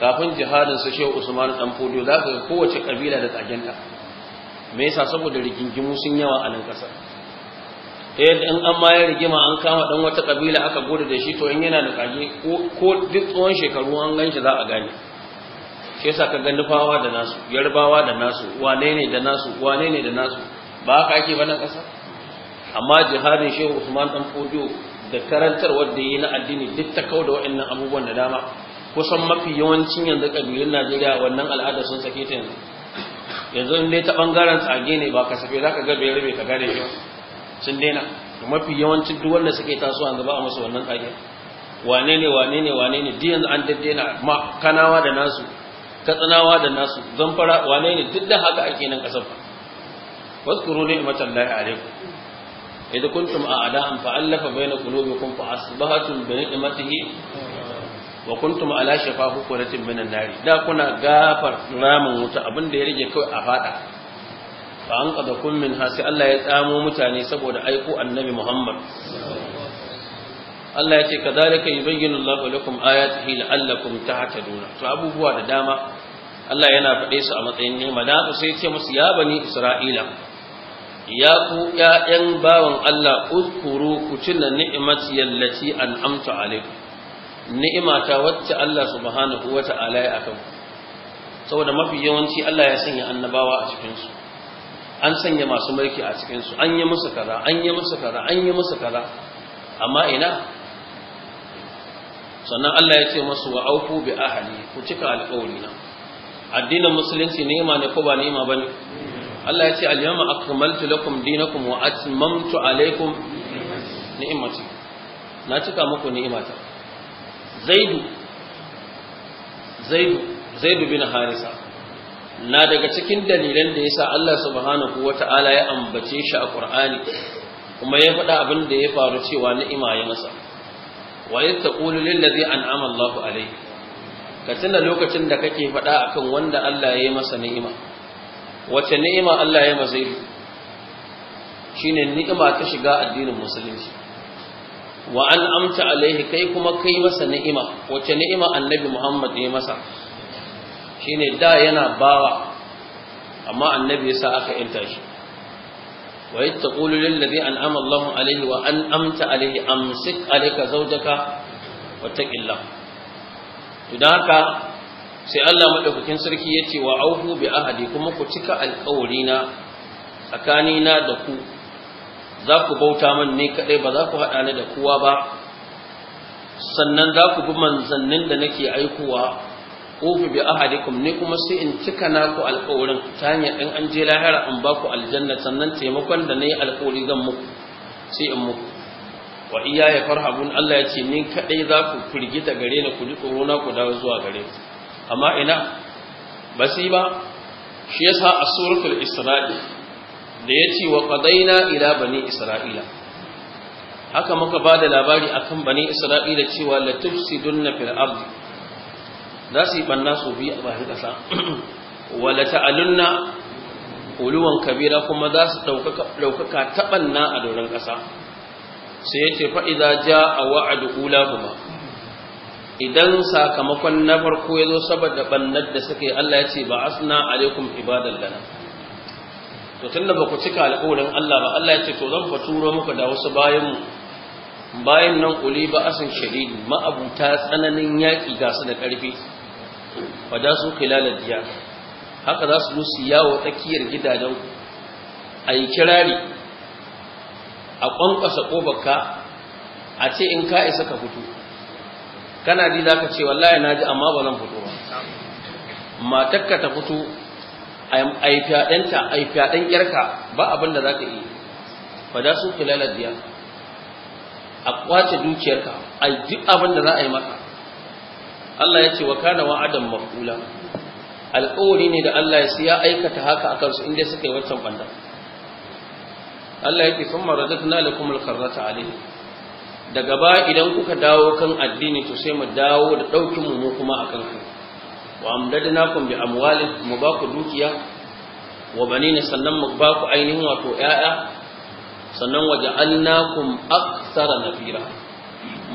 kafin jihadin su Shehu Usman dan Fodio zaka ga kowace kabila da tsagenta me yasa saboda rigingimu sun yawa a nan kasa. Eh dan in an mayar rigima an kama dan wata kabila aka gode da shi to in yana da kage ko duk tsawon shekaru an gan za a gane shi yasa ka ga nufawa da nasu yarbawa da nasu wane ne da nasu wane ne da nasu ba haka ake ba nan kasa? amma jihadin shehu usman dan fodio da karantar wanda yi na addini duk ta kauda wa'annan abubuwan da dama kusan mafi yawancin yanzu ƙabilun najeriya wannan al'ada sun sake ta yanzu yanzu ne dai ta bangaren tsage ne ba kasafe za ka ga bai ka gane shi sun daina mafi yawancin duk wanda suke tasowa yanzu gaba a musu wannan tsage wane ne wane ne wane ne duk yanzu an daddaina ma kanawa da nasu katsinawa da nasu zamfara wane ne duk da haka ake nan kasar ba واذكروا نعمة الله عليكم إذا كنتم أعداء فألف بين قلوبكم فأصبحتم بنعمته wa kuntum ala shafa hukuratin minan nari da kuna gafar ramin wuta abin da ya rage kawai a fada fa an qada kun min hasi Allah ya tsamo mutane saboda aiko annabi Muhammad Allah ya ce kadalika yubayyinu Allahu lakum ayatihi la'allakum tahtaduna to abubuwa da dama Allah yana faɗe su a matsayin nema da haka sai ya ce musu ya bani Isra'ila ya ku ‘ya'yan bawan Allah uskuru ku cina ni'imat yallaci an'amtu amta ni'ima ta wacce Allah subhanahu ta'ala ya akan saboda mafi yawanci Allah ya sanya annabawa a cikin su an sanya masu mulki a cikin su an yi musu kaza an yi musu kaza an yi musu kaza amma ina sannan Allah ya ce masu wa aufu bi ahli ku cika alƙawari na addinin musulunci ni'ima ne ko ba ni'ima bane Allah ya ce al-yawma akmaltu lakum dinakum wa atmamtu alaykum ni'imati na cika muku ni'imata zaidu zaidu zaidu bin harisa na daga cikin dalilan da yasa Allah subhanahu wata'ala ya ambace shi a Qur'ani kuma ya faɗa abin da ya faru cewa ni'ima ya masa wa yattaqulu lil ladzi an'ama Allahu alayhi ka tuna lokacin da kake faɗa akan wanda Allah ya yi masa ni'ima wace ni'ima Allah ya masa shine ni'ima ta shiga addinin musulunci wa an amta alaihi kai kuma kai masa ni'ima wacce ni'ima annabi Muhammad ne masa shine da yana bawa amma annabi yasa aka yanta shi wa yattaqulu lil ladhi an'ama Allahu alaihi wa an amta alaihi amsik alayka zawjaka wattaqillah ƙilla? Idan haka sai Allah madaukakin sarki ya ce wa auhu bi ahadi kuma ku cika alƙawari tsakanina da ku za ku bauta man ne kaɗai ba za ku haɗa ni da kowa ba sannan za ku bi manzannin da nake aikowa ufi bi ahadikum ni kuma sai in cika naku alƙawarin ta hanyar in an je lahira in ba ku aljanna sannan taimakon da na yi alƙawari zan muku sai in muku wa iya ya farhabun Allah ya ce ni kaɗai za ku firgita gare ni ku ji tsoro na ku dawo zuwa gare amma ina ba sai ba shi yasa a suratul isra'i da ya ce wa ƙadaina ila bani isra'ila haka muka ba da labari akan bani isra'ila cewa latufsidun na fir'abd za su yi ɓanna su biyu a bahin ƙasa wa lata'alunna uluwan kabira kuma za su ɗaukaka taɓanna a doron ƙasa sai ya ce fa'iza ja a wa'adu ula kuma idan sakamakon na farko ya zo saboda ɓannar da suke, Allah ya ce ba asna alaikum ibadan lana to tunda ba ku cika alƙawarin Allah ba Allah ya ce to zan faturo muku da wasu bayan bayan nan kuli ba asin shadidi ma'abuta tsananin yaƙi ga su da ƙarfi fada su khilalad diya haka za su zo su yawo tsakiyar gidajen a yi kirari a kwankwasa kobarka a ce in ka isa ka fito kana ji za ka ce wallahi na ji amma ba zan fito ba matakka ta fito a yi fyaɗenta yarka ba abin da za ka iya ba da su filalar diya a kwace dukiyarka a duk abin da za a yi maka Allah ya ce wa kana wa'adan mafula alƙawari ne da Allah ya siya aikata haka a kansu inda suka yi wancan banda Allah ya ce sun maradatna lakum alqarrata alayhi daga ba idan kuka dawo kan addini to sai mu dawo da ɗaukin mu kuma akan ku wa amdadnakum bi amwalin mu ba dukiya wa banina sannan mu ba ainihin wato 'ya'ya sannan waja'alnakum aktsara nafira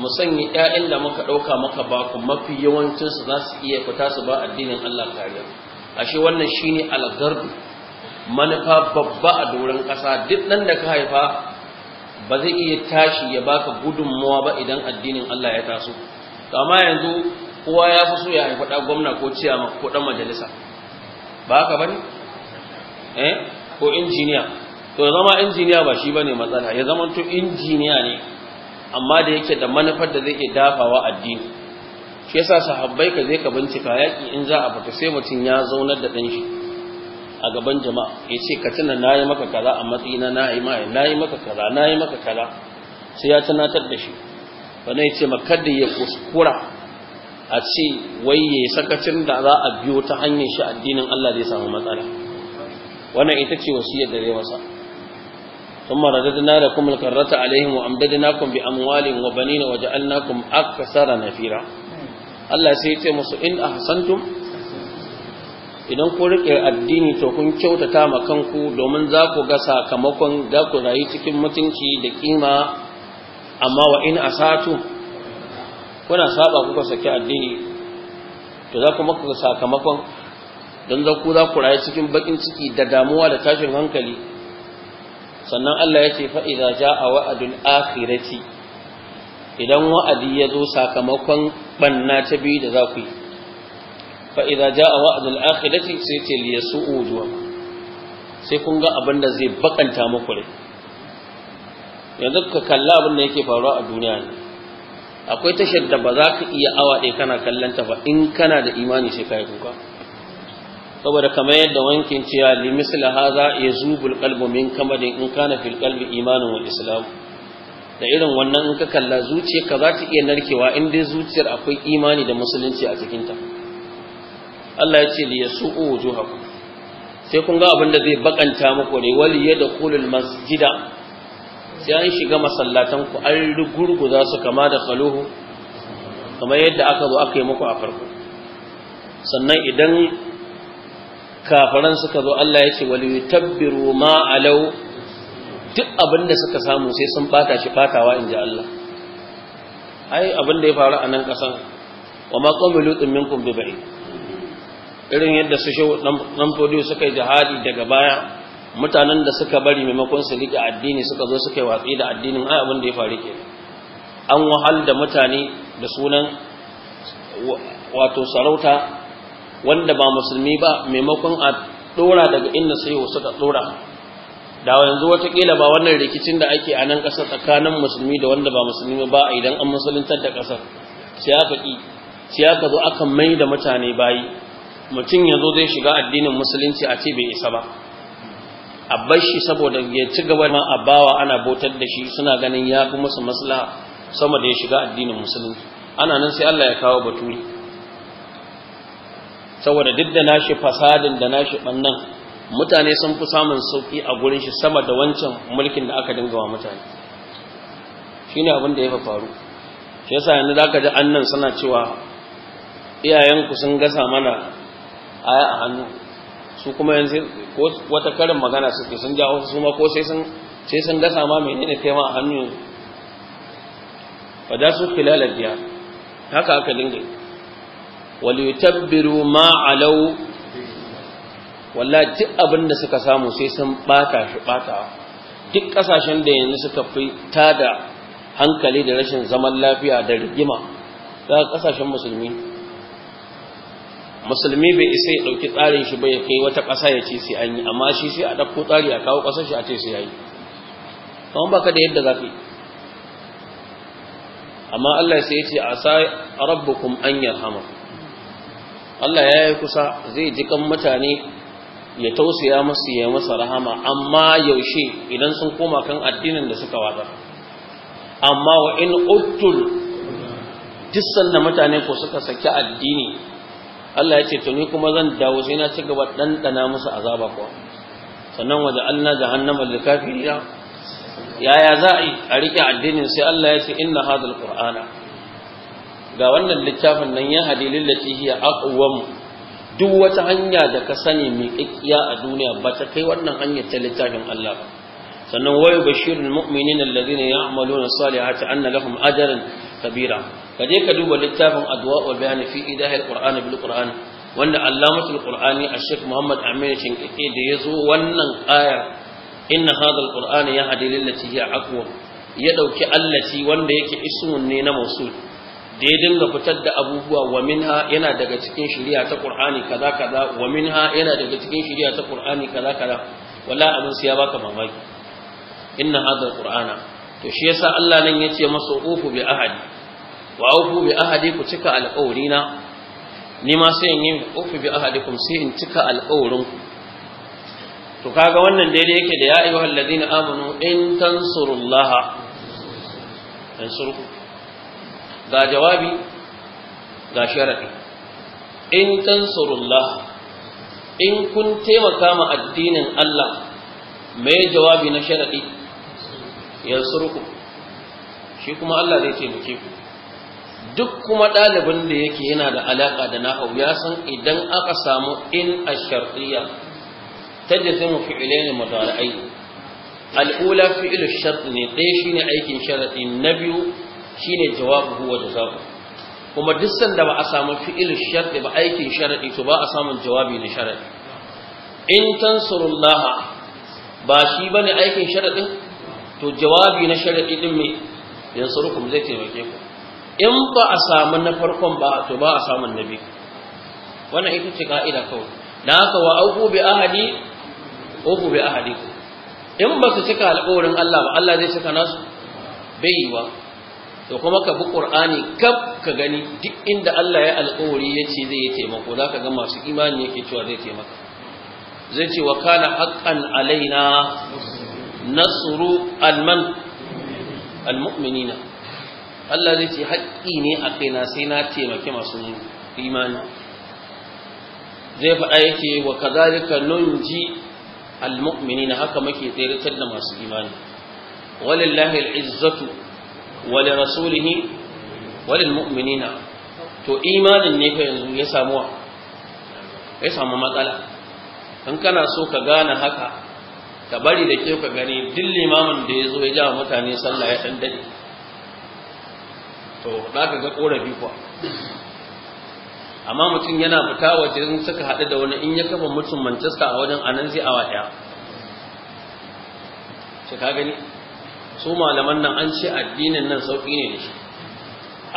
mu sanya ƴaƴan da muka ɗauka maka ba ku mafi yawancinsu za su iya fita su ba addinin Allah kariya ashe wannan shine algardu manufa babba a doron ƙasa duk nan da ka haifa ba zai iya tashi ya baka gudunmuwa ba idan addinin Allah ya taso to amma yanzu kowa ya fi so ya haifi gwamna ko ciyama ko ɗan majalisa ba haka ba ne eh ko injiniya to zama injiniya ba shi ba ne matsala ya zama to injiniya ne amma da yake da manufar da zai ke dafawa addini shi yasa sahabbai ka zai ka bincika yaki in za a fita sai mutum ya zaunar da ɗan shi a gaban jama'a ya ce ka tuna na yi maka kaza a matsayi na yi ma na yi maka kaza na yi maka kaza sai ya tunatar da shi wannan ya ce ma kada ya kuskura a ce waye sakacin da za a biyo ta hanyar shi addinin Allah zai samu matsala wannan ita ce wasiyar da zai masa ثم رددنا لكم الكرة عليهم وأمددناكم بأموال وبنين وجعلناكم أكثر nafira Allah sai ya ce musu in ahsantum idan ku rike addini to kun kyautata ma kanku domin za ku ga sakamakon za ku rayu cikin mutunci da kima amma wa in satu. kuna saba kuka saki addini to za ku maka sakamakon don za ku za ku rayu cikin bakin ciki da damuwa da tashin hankali sannan Allah ya ce fa idza jaa wa'adul akhirati idan wa'adi ya zo sakamakon banna ta biyu da za ku yi fa idza jaa wa'dul akhirati sai ce li yasu'u juwa sai kun ga abin da zai bakanta muku rai yanzu ka kalla abin da yake faruwa a duniya ne akwai tashar da ba za ka iya awa ɗaya kana kallon ta ba in kana da imani sai ka yi kuka saboda kamar yadda wankin cewa li misla hadha yazubul qalbu min kamadin in kana fil kalbi imanin islam da irin wannan in ka kalla ka za ta iya narkewa in dai zuciyar akwai imani da musulunci a cikin Allah ya ce li yasu'u wujuhakum sai kun ga abin da zai bakanta muku ne yadda kulun masjida sai an shiga masallatan ku an za su kama da saluhu kamar yadda aka zo aka yi muku a farko sannan idan kafaran suka zo Allah ya ce wal yutabbiru ma alau duk abin da suka samu sai sun bata shi fatawa inji Allah ai abin da ya faru a nan kasan wa ma qawlu minkum bi ba'id irin yadda su shi dan fodiyo suka yi jihadi daga baya mutanen da suka bari maimakon su rike addini suka zo suka yi watsi da addinin ai abin da ya faru ke an wahal da mutane da sunan wato sarauta wanda ba musulmi ba maimakon a ɗora daga inda sai suka dora da yanzu watakila ba wannan rikicin da ake a nan ƙasar tsakanin musulmi da wanda ba musulmi ba idan an musuluntar da ƙasar sai aka ƙi sai aka zo aka mai da mutane bayi mutum yanzu zai shiga addinin musulunci a ce bai isa ba a bar shi saboda ya ci gaba ma a bawa ana bautar da shi suna ganin ya fi musu maslaha sama da ya shiga addinin musulunci ana nan sai Allah ya kawo baturi saboda duk da nashi fasadin da nashi bannan mutane sun fi samun sauki a gurin shi sama da wancan mulkin da aka dinga wa mutane shine abin da ya faru shi yasa yanzu zaka ji annan suna cewa iyayen ku sun gasa mana aya a hannu su kuma yanzu ko wata karin magana suke sun jawo su ma ko sai sun dasa ma nina kai ma a hannu Ba fada su biya haka aka dinga wali tabbiru ma alau wallahi duk abin da suka samu sai sun bata shi batawa duk kasashen da yanzu suka fi tada hankali da rashin zaman lafiya da rigima daga kasashen musulmi musulmi bai isa ya ɗauki tsarin shi bai kai wata ƙasa ya ce sai an yi amma shi sai a ɗauko tsari a kawo ƙasar shi a ce sai ya yi kawon baka da yadda za yi amma Allah sai ya ce a sa rabbukum an yarhama Allah ya yi kusa zai ji kan mutane ya tausaya masu ya masa rahama amma yaushe idan sun koma kan addinin da suka wada amma wa in uttul dissan da mutane ko suka saki addini Allah ya ce to ni kuma zan dawo sai na ci gaba ɗanɗana musu azaba kuwa sannan wa ja'alna jahannama lil kafirina yaya za a rike addinin sai Allah ya ce inna hadal qur'ana ga wannan littafin nan ya hadilil lati hiya aqwam duk wata hanya da ka sani mai kakkiya a duniya ba ta kai wannan hanyar ta littafin Allah ba sannan wayu bashirul mu'minina alladhina ya'maluna salihati anna lahum ajran kabira kaje ka duba littafin adwa'ul bayan fi idahil qur'an bil qur'an wanda allamatul qur'ani a shaykh muhammad amin shinkake da yazo wannan ayar inna hadha al-qur'an yahdi lil lati hiya aqwa ya dauki allati wanda yake ismun ne na mausul da ya dinga fitar da abubuwa wa minha yana daga cikin shari'a ta Qur'ani kaza kaza wa minha yana daga cikin shari'a ta Qur'ani kaza kaza wala abin su ya baka mamaki inna hadha alqur'ana to shi yasa Allah nan yace masa ufu bi ahadi wa ufu bi ahadi ku cika alƙawari na ni ma sai in yi ufu bi ahadikum sai in cika alƙawarin ku to kaga wannan daidai yake da ya ayyuhal ladina amanu in tansurullaha tansurku ga jawabi ga sharadi in tansurullaha in kun taimaka ma addinin Allah me jawabi na sharadi yansurku shi kuma Allah zai taimake ku duk kuma dalibin da yake yana da alaƙa da hau ya san idan aka samu in ashartiyya tajzimu fi'lain aiki. al'ula fi'lu shart ne ɗaya shine aikin sharadi na biyu shine jawabu huwa jazabu kuma duk sanda ba a samu fi'lu shart ba aikin sharadi to ba a samun jawabi na sharadi in tansurullaha ba shi bane aikin sharadin to jawabi na sharadi ɗin me yansurukum zai taimake ku in ba a samu na farkon ba to ba a samu biyu, wannan ita ce ka'ida kawai dan haka wa auku bi ahadi auku bi ahadi in ba su cika alƙawarin Allah ba Allah zai cika nasu baiwa to kuma ka bi qur'ani kaf ka gani duk inda Allah ya alƙawari yace zai taimako zaka ga masu imani yake cewa zai taimaka zai ce wa kana haqqan alaina nasru alman almu'minina Allah zai ce haƙƙi ne a kaina sai na taimaki masu imani faɗa yake wa kazalika nunji almu'minina haka muke tsiratar da masu imani walillahi al'izzatu to imanin ne fa yanzu ya samu ya samu matsala in kana so ka gane haka ka bari da ke ka gani duk limamin da ya zo ya jawa mutane sallah ya dan dade to za ka ga ƙorafi kuwa amma mutum yana fita waje in suka haɗu da wani in ya kafa mutum Manchester a wajen anan zai awa ɗaya ce ka gani su malaman nan an ce addinin nan sauƙi ne da shi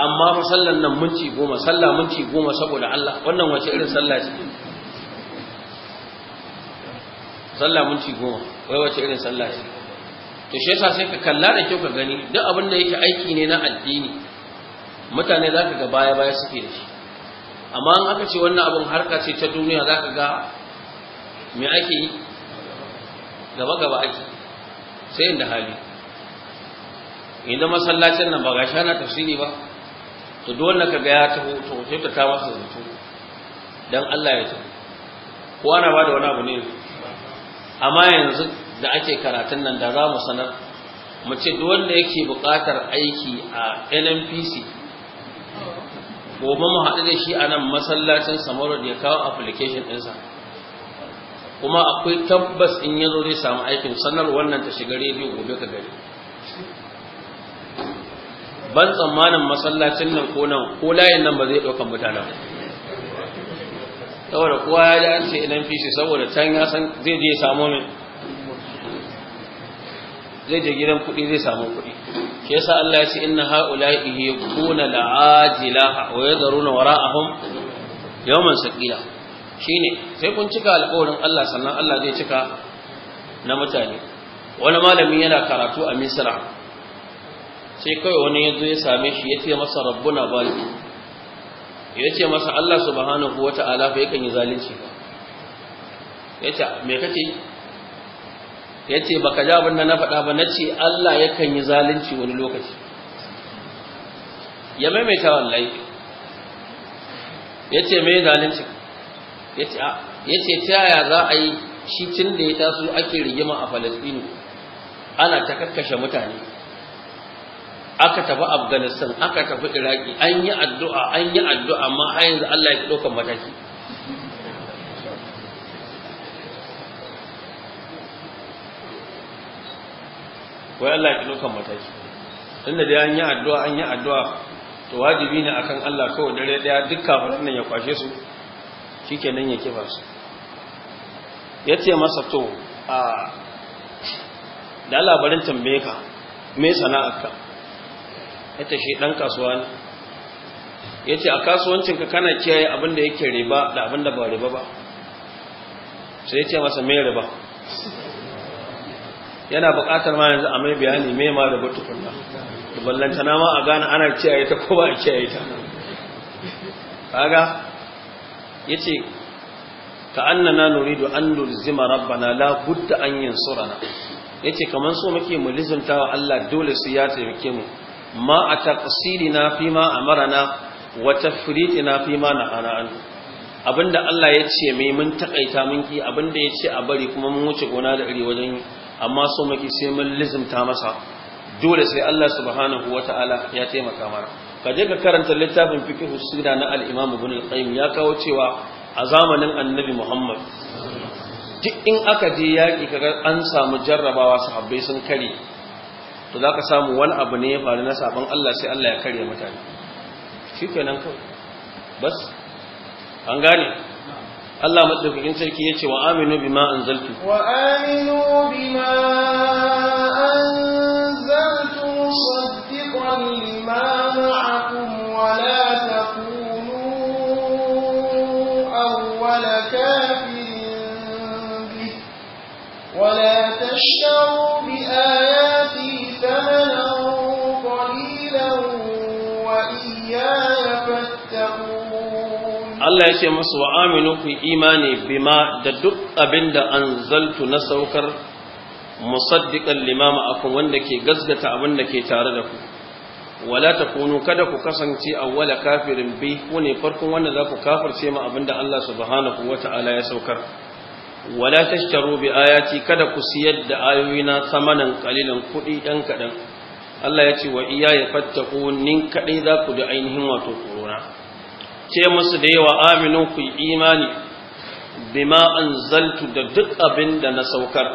amma fa nan minti goma sallah minti goma saboda Allah wannan wace irin sallah ce sallah minti goma wai wace irin sallah ce to shi yasa sai ka kalla da kyau ka gani duk abin da yake aiki ne na addini mutane za ka ga baya baya suke da shi amma in aka ce wannan abin harka ce ta duniya za ka ga me ake yi gaba gaba ake sai inda hali idan masallacin nan ba ga shi ana tafsiri ba to duk wanda ga ya taho to sai ta ta masa zato dan Allah ya ta ko ana ba da wani abu ne amma yanzu da ake karatun nan da za mu sanar mu ce duk wanda yake buƙatar aiki a NNPC gobe mu haɗu da shi a nan masallacin Samaro da ya kawo application ɗinsa kuma akwai tabbas in ya zai samu aikin sanar wannan ta shiga rediyo gobe ka gari ban tsammanin masallacin nan ko nan ko layin nan ba zai ɗaukan mutanen saboda kowa ya ji an ce NNPC saboda can ya san zai je samu zai je gidan kuɗi zai samu kuɗi ke sa Allah ya ce inna haula'i yakuna la'ajila wa yadharuna wara'ahum yawman saqila shine sai kun cika alƙawarin Allah sannan Allah zai cika na mutane wani malami yana karatu a Misra sai kai wani yazo ya same shi ya ce masa rabbuna balik ya ce masa Allah subhanahu wa ta'ala fa yakan yi zalunci ya ce me kace ya ce baka ja abin da na faɗa ba na ce Allah yakan yi zalunci wani lokaci ya maimaita wallai ya ce mai zalunci ya ce ta yaya za a yi shi tun da ya taso ake rigima a Falasɗinu ana ta kakkashe mutane aka tafi afghanistan aka tafi iraki an yi addu'a an yi addu'a amma a yanzu allah ya fi ɗaukan mataki wai allah ya fi ɗaukan mataki inda da an yi addu'a an yi addu'a to wajibi ne akan allah kawai dare daya duk kafin nan ya kwashe su shi kenan ya kifa su ya ce masa to a da labarin tambaye ka me sana'arka ita shi ɗan kasuwa ne ya ce a kasuwancinka kana kiyaye abin da yake riba da abin da ba riba ba sai ya ce masa mai riba yana buƙatar ma yanzu a mai bayani mai ma riba tukunna da ballantana ma a gane ana kiyaye ta ko ba a kiyaye ta kaga ya ce ka annana nuridu an lulzima rabbana la budda an yansurana yace kaman so muke mu lizumta wa Allah dole su ya taimake mu ma a فيما fi ma amarana نهانا عنه fi ma abinda Allah ya ce mai mun takaita mun ki abinda ya ce a bari kuma mun wuce gona da iri wajen amma so maki sai mun lizimta masa dole sai Allah subhanahu wataala ya taimaka mana ka je ka karanta littafin fiqhu sirra na al-Imam Ibn al-Qayyim ya kawo cewa a zamanin Annabi Muhammad duk in aka je yaki kaga an samu jarrabawa sahabbai sun kare to za ka samu wani abu ne ya faru na sabon Allah sai Allah ya karya mutane shi nan kawai bas an gane Allah madaukakin sarki ya ce wa aminu bima anzaltu wa aminu bima anzaltu musaddiqan lima ma'akum wala ta kunu awwal kafirin bi wala ta tashtaru bi Allah ya ce musu wa aminu ku imani bima da duk abin da zaltu na saukar musaddiƙan limama akum wanda ke gazgata abin da ke tare da ku wala kunu kada ku kasance wala kafirin bi ku ne farkon wanda za ku kafirce ma abin da Allah subhanahu wata'ala ya saukar wala tashtaru bi ayati kada ku siyar da ayoyi na samanan kalilan kuɗi ɗan kaɗan. Allah ya ce wa iya ya fattaku nin kadai za ku da ainihin wato korona ce musu da yawa aminu ku yi imani bima zaltu da duk abin da na saukar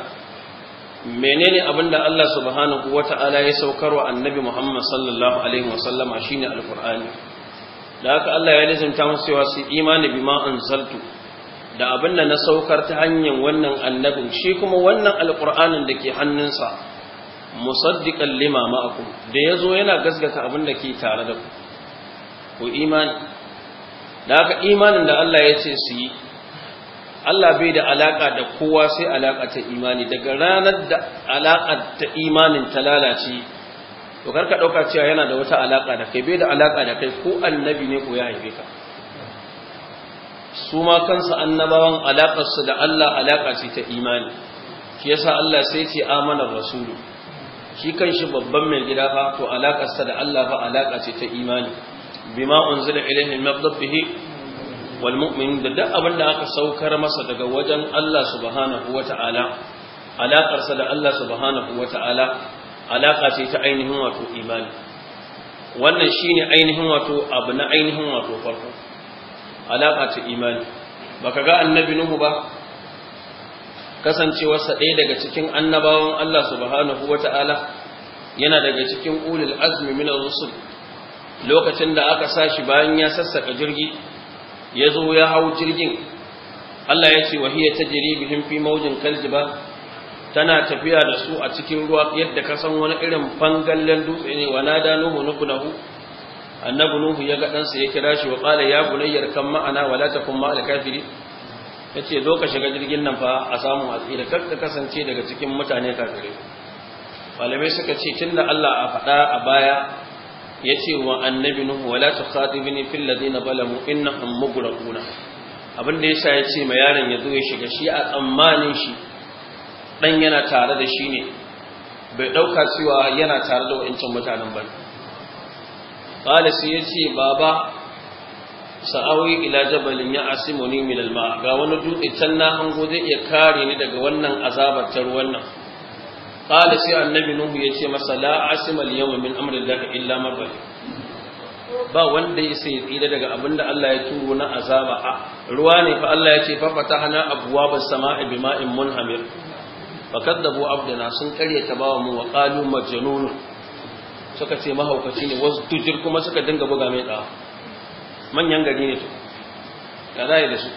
menene abin da Allah subhanahu ta'ala ya saukar wa annabi Muhammad sallallahu alaihi wasallama shine alqur'ani da haka Allah ya lazimta musu cewa su imani bima zaltu da abin da na saukar ta hanyar wannan annabin shi kuma wannan alqur'anin da ke hannunsa musaddiqan lima ma'akum da yazo yana gasgata abin da ke tare da ku ku imani da haka imanin da Allah ya ce su yi Allah bai da alaƙa da kowa sai alaƙa ta imani daga ranar da alaƙa ta imanin ta lalace to karka ɗauka cewa yana da wata alaƙa da kai bai da alaƙa da kai ko annabi ne ko ya haife ka su ma kansa annabawan alaƙarsu da Allah alaƙa ce ta imani shi yasa Allah sai ce amanar rasulu shi kan shi babban mai gida fa to alaƙarsa da Allah fa alaƙa ce ta imani bima unzila ilayhi min rabbihi wal mu'min da duk abin da aka saukar masa daga wajen Allah subhanahu wata'ala alaqar sa da Allah subhanahu wata'ala alaqa ce ta ainihin wato imani wannan shine ainihin wato abu na ainihin wato farko alaqa ta imani baka ga annabi nuhu ba kasancewarsa ɗaya daga cikin annabawan Allah subhanahu wata'ala yana daga cikin ulul azmi min ar-rusul lokacin da aka sashi bayan ya sassaka jirgi ya zo ya hau jirgin Allah ya ce wahiya tajri bihim fi mawjin kaljiba tana tafiya da su a cikin ruwa yadda ka san wani irin fangallen dutse ne wa nada nuhu nahu annabi nuhu ya ga ɗansa ya kira shi wa qala ya bunayyar kan ma'ana wala takun ma'al kafiri yace zo ka shiga jirgin nan fa a samu asira kar ka kasance daga cikin mutane kafirai malamai suka ce tun da Allah a faɗa a baya yace wa annabi nuhu wala tukhatibni fil ladina balamu innahum mughraquna abin da yasa yace ma yaron ya zo ya shiga shi a tsammanin shi dan yana tare da shi ne bai dauka cewa yana tare da wancan mutanen ba qala ya yace baba sa'awi ila jabalin ya asimuni min alma ga wani dutse can na hango zai iya kare ni daga wannan azabar ta ruwan nan qala sai annabi nuhu yace masa la asima al yawma min amri llahi illa man ba wanda ya sai tsira daga abinda Allah ya turo na azaba a ruwa ne fa Allah ya ce fa fatahna abwaabas samaa'i bima'in munhamir fa kadzabu abdana sun karyata bawa mu wa qalu majnun suka ce mahaukaci ne wasu tujir kuma suka dinga buga mai da manyan gari ne to da zai da su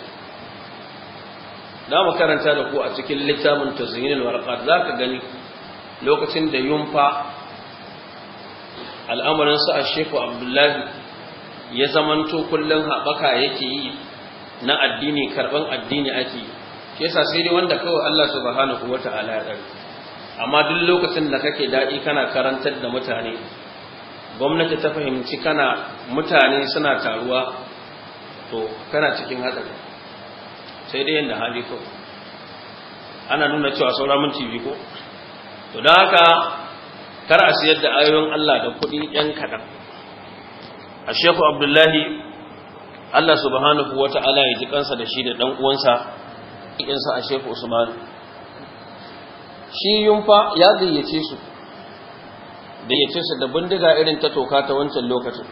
da mu karanta da ku a cikin littafin tazyinul warqat zaka gani lokacin da yunfa al'amarinsu a sheku abdullahi ya zamanto kullum haɓaka yake yi na addini karɓan addini ake yi. ke sa sai dai wanda kawai Allah su bahana ta'ala ya ɗari amma duk lokacin da kake daɗi kana karantar da mutane gwamnati ta fahimci kana mutane suna taruwa to kana cikin haɗari sai dai yadda hali kawai ana nuna cewa saura minti biyu ko to da haka kar a siyar da ayoyin Allah da kuɗi ɗan kaɗan a sheku abdullahi Allah subhanahu wa ta'ala ya ji kansa da shi da ɗan uwansa ɗinsa a sheku usman shi yunfa ya gayyace su da ya su da bindiga irin ta toka ta wancan lokacin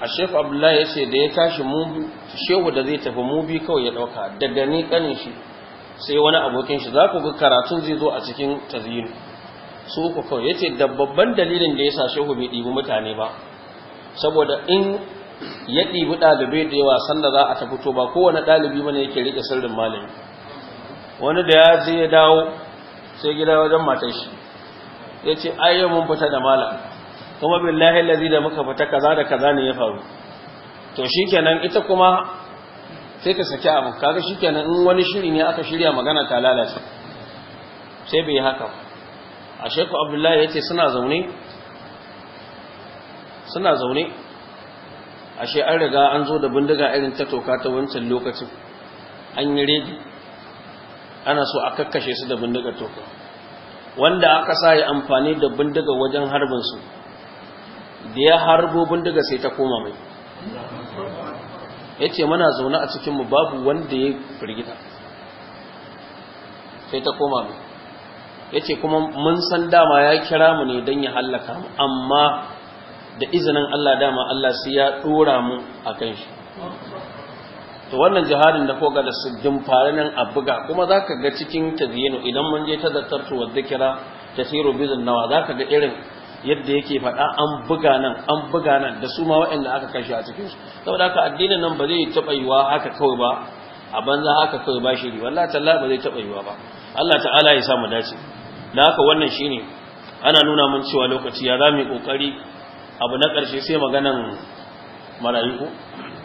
a shef abdullahi ya ce da ya tashi shehu da zai tafi mubi kawai ya ɗauka daga ni ƙanin shi sai wani abokin shi za ku ga karatun zai zo a cikin tazyinu su uku kawai yace da babban dalilin da ya sa shehu bai ɗibi mutane ba saboda in ya ɗibi ɗalibai da yawa sanda za a ta fito ba kowane ɗalibi mana yake riƙe sirrin malami wani da ya je ya dawo sai gida wajen matar shi ya ce mun fita da malam kuma billahi lazi da muka fita kaza da kaza ne ya faru to shi kenan ita kuma sai ka saki abu kaga shikenan in wani shiri ne aka shirya magana ta lalace sai bai haka a sheku abdullahi yace suna zaune suna zaune ashe an riga an zo da bindiga irin ta toka ta wancan lokacin an yi redi ana so a kakkashe su da bindiga toka wanda aka sa ya amfani da bindiga wajen harbin su da ya harbo bindiga sai ta koma mai ya ce mana zaune a cikinmu babu wanda ya firgita sai ta koma mu ya ce kuma mun san dama ya kira mu ne don ya hallaka mu amma da izinin Allah dama Allah sai ya ɗora mu a kan shi to wannan jihadin da koga da siddin fara nan a buga kuma za ka ga cikin tazyinu idan mun je ta zartar wa zikira ta siro bizin nawa za ka ga irin yadda yake faɗa an buga nan an buga nan da su ma waɗanda aka kashe a cikin su saboda haka addinin nan ba zai taɓa yiwa haka kawai ba a banza haka kawai ba shiri wallahi tallahi ba zai taɓa yiwa ba Allah ta'ala ya sa mu dace da haka wannan shine ana nuna mun cewa lokaci ya zamu kokari abu na ƙarshe sai maganan marayu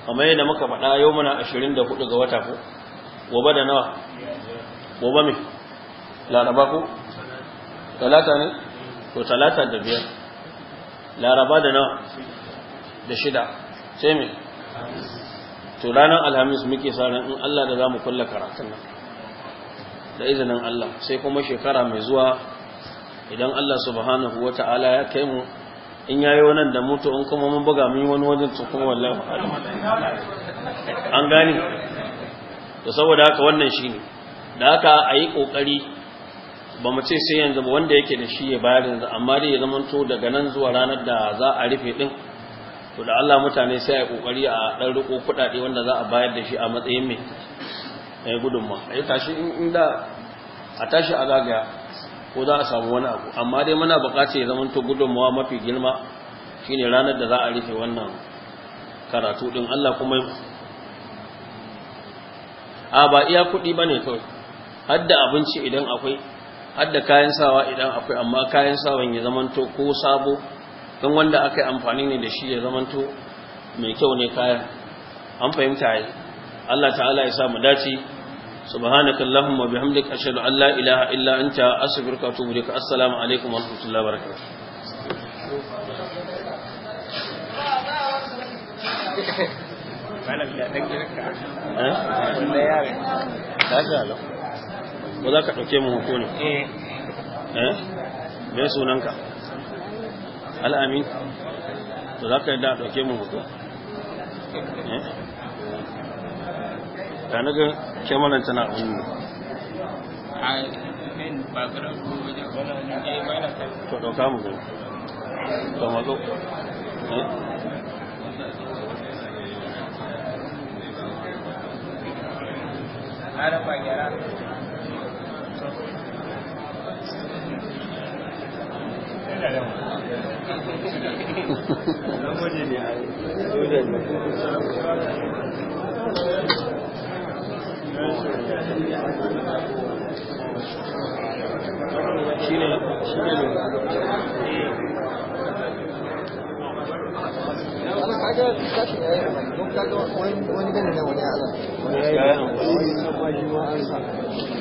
kamar yadda muka faɗa yau muna 24 ga wata ko gobe da nawa gobe me laraba ko talata ne to talata da biyar laraba da da shida sai me to ranar alhamis muke sa ran in Allah da mu kulla karatun nan da izinin Allah sai kuma shekara mai zuwa idan Allah subhanahu ta'ala ya kai mu in yayi wannan da mutu in kuma mun buga mun wani wajen to kuma wallahi an gane da saboda haka wannan shine da haka ayi kokari ba mu ce sai yanzu wanda yake da shi ya bayar yanzu amma dai ya to daga nan zuwa ranar da za a rufe din to da Allah mutane sai ya kokari a dan riko kudade wanda za a bayar da shi a matsayin mai eh gudunma eh tashi in da a tashi a zagaya ko za a samu wani abu amma dai muna bukace ya to gudunmawa mafi girma shine ranar da za a rufe wannan karatu din Allah kuma a ba iya kuɗi bane kawai har da abinci idan akwai hadda kayan sawa idan akwai amma kayan sawan ya zamanto ko sabo don wanda aka yi amfani ne da shi ya zamanto mai kyau ne kayan an fahimta yi Allah ta'ala ya samu dace subhanakallahumma bihamdika ashhadu an la ilaha illa anta astaghfiruka wa atubu ilayka assalamu alaikum wa rahmatullahi wa barakatuh ba za ka ɗauke mu ne eh. eh me sunanka al'amin to za ka yi da ɗauke mu hoko eh ta naga kyamaran tana abin ne eh, to ɗauka mu gani to mazo wani wani gani na wani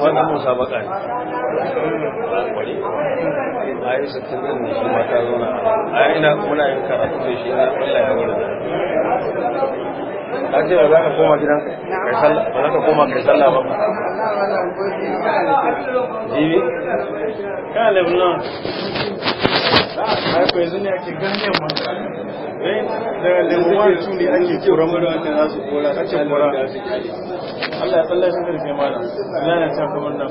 wannan musa baka ne a yi mata a ina muna yin karatu da shi na ƙwallaya wurin ka ce ba za ka koma gidan kai sallah ba za ka koma kai sallah ba jibi ai ko yanzu ne ake wani eh, ake kura mu da su kora kace kora Allah ya sallah shi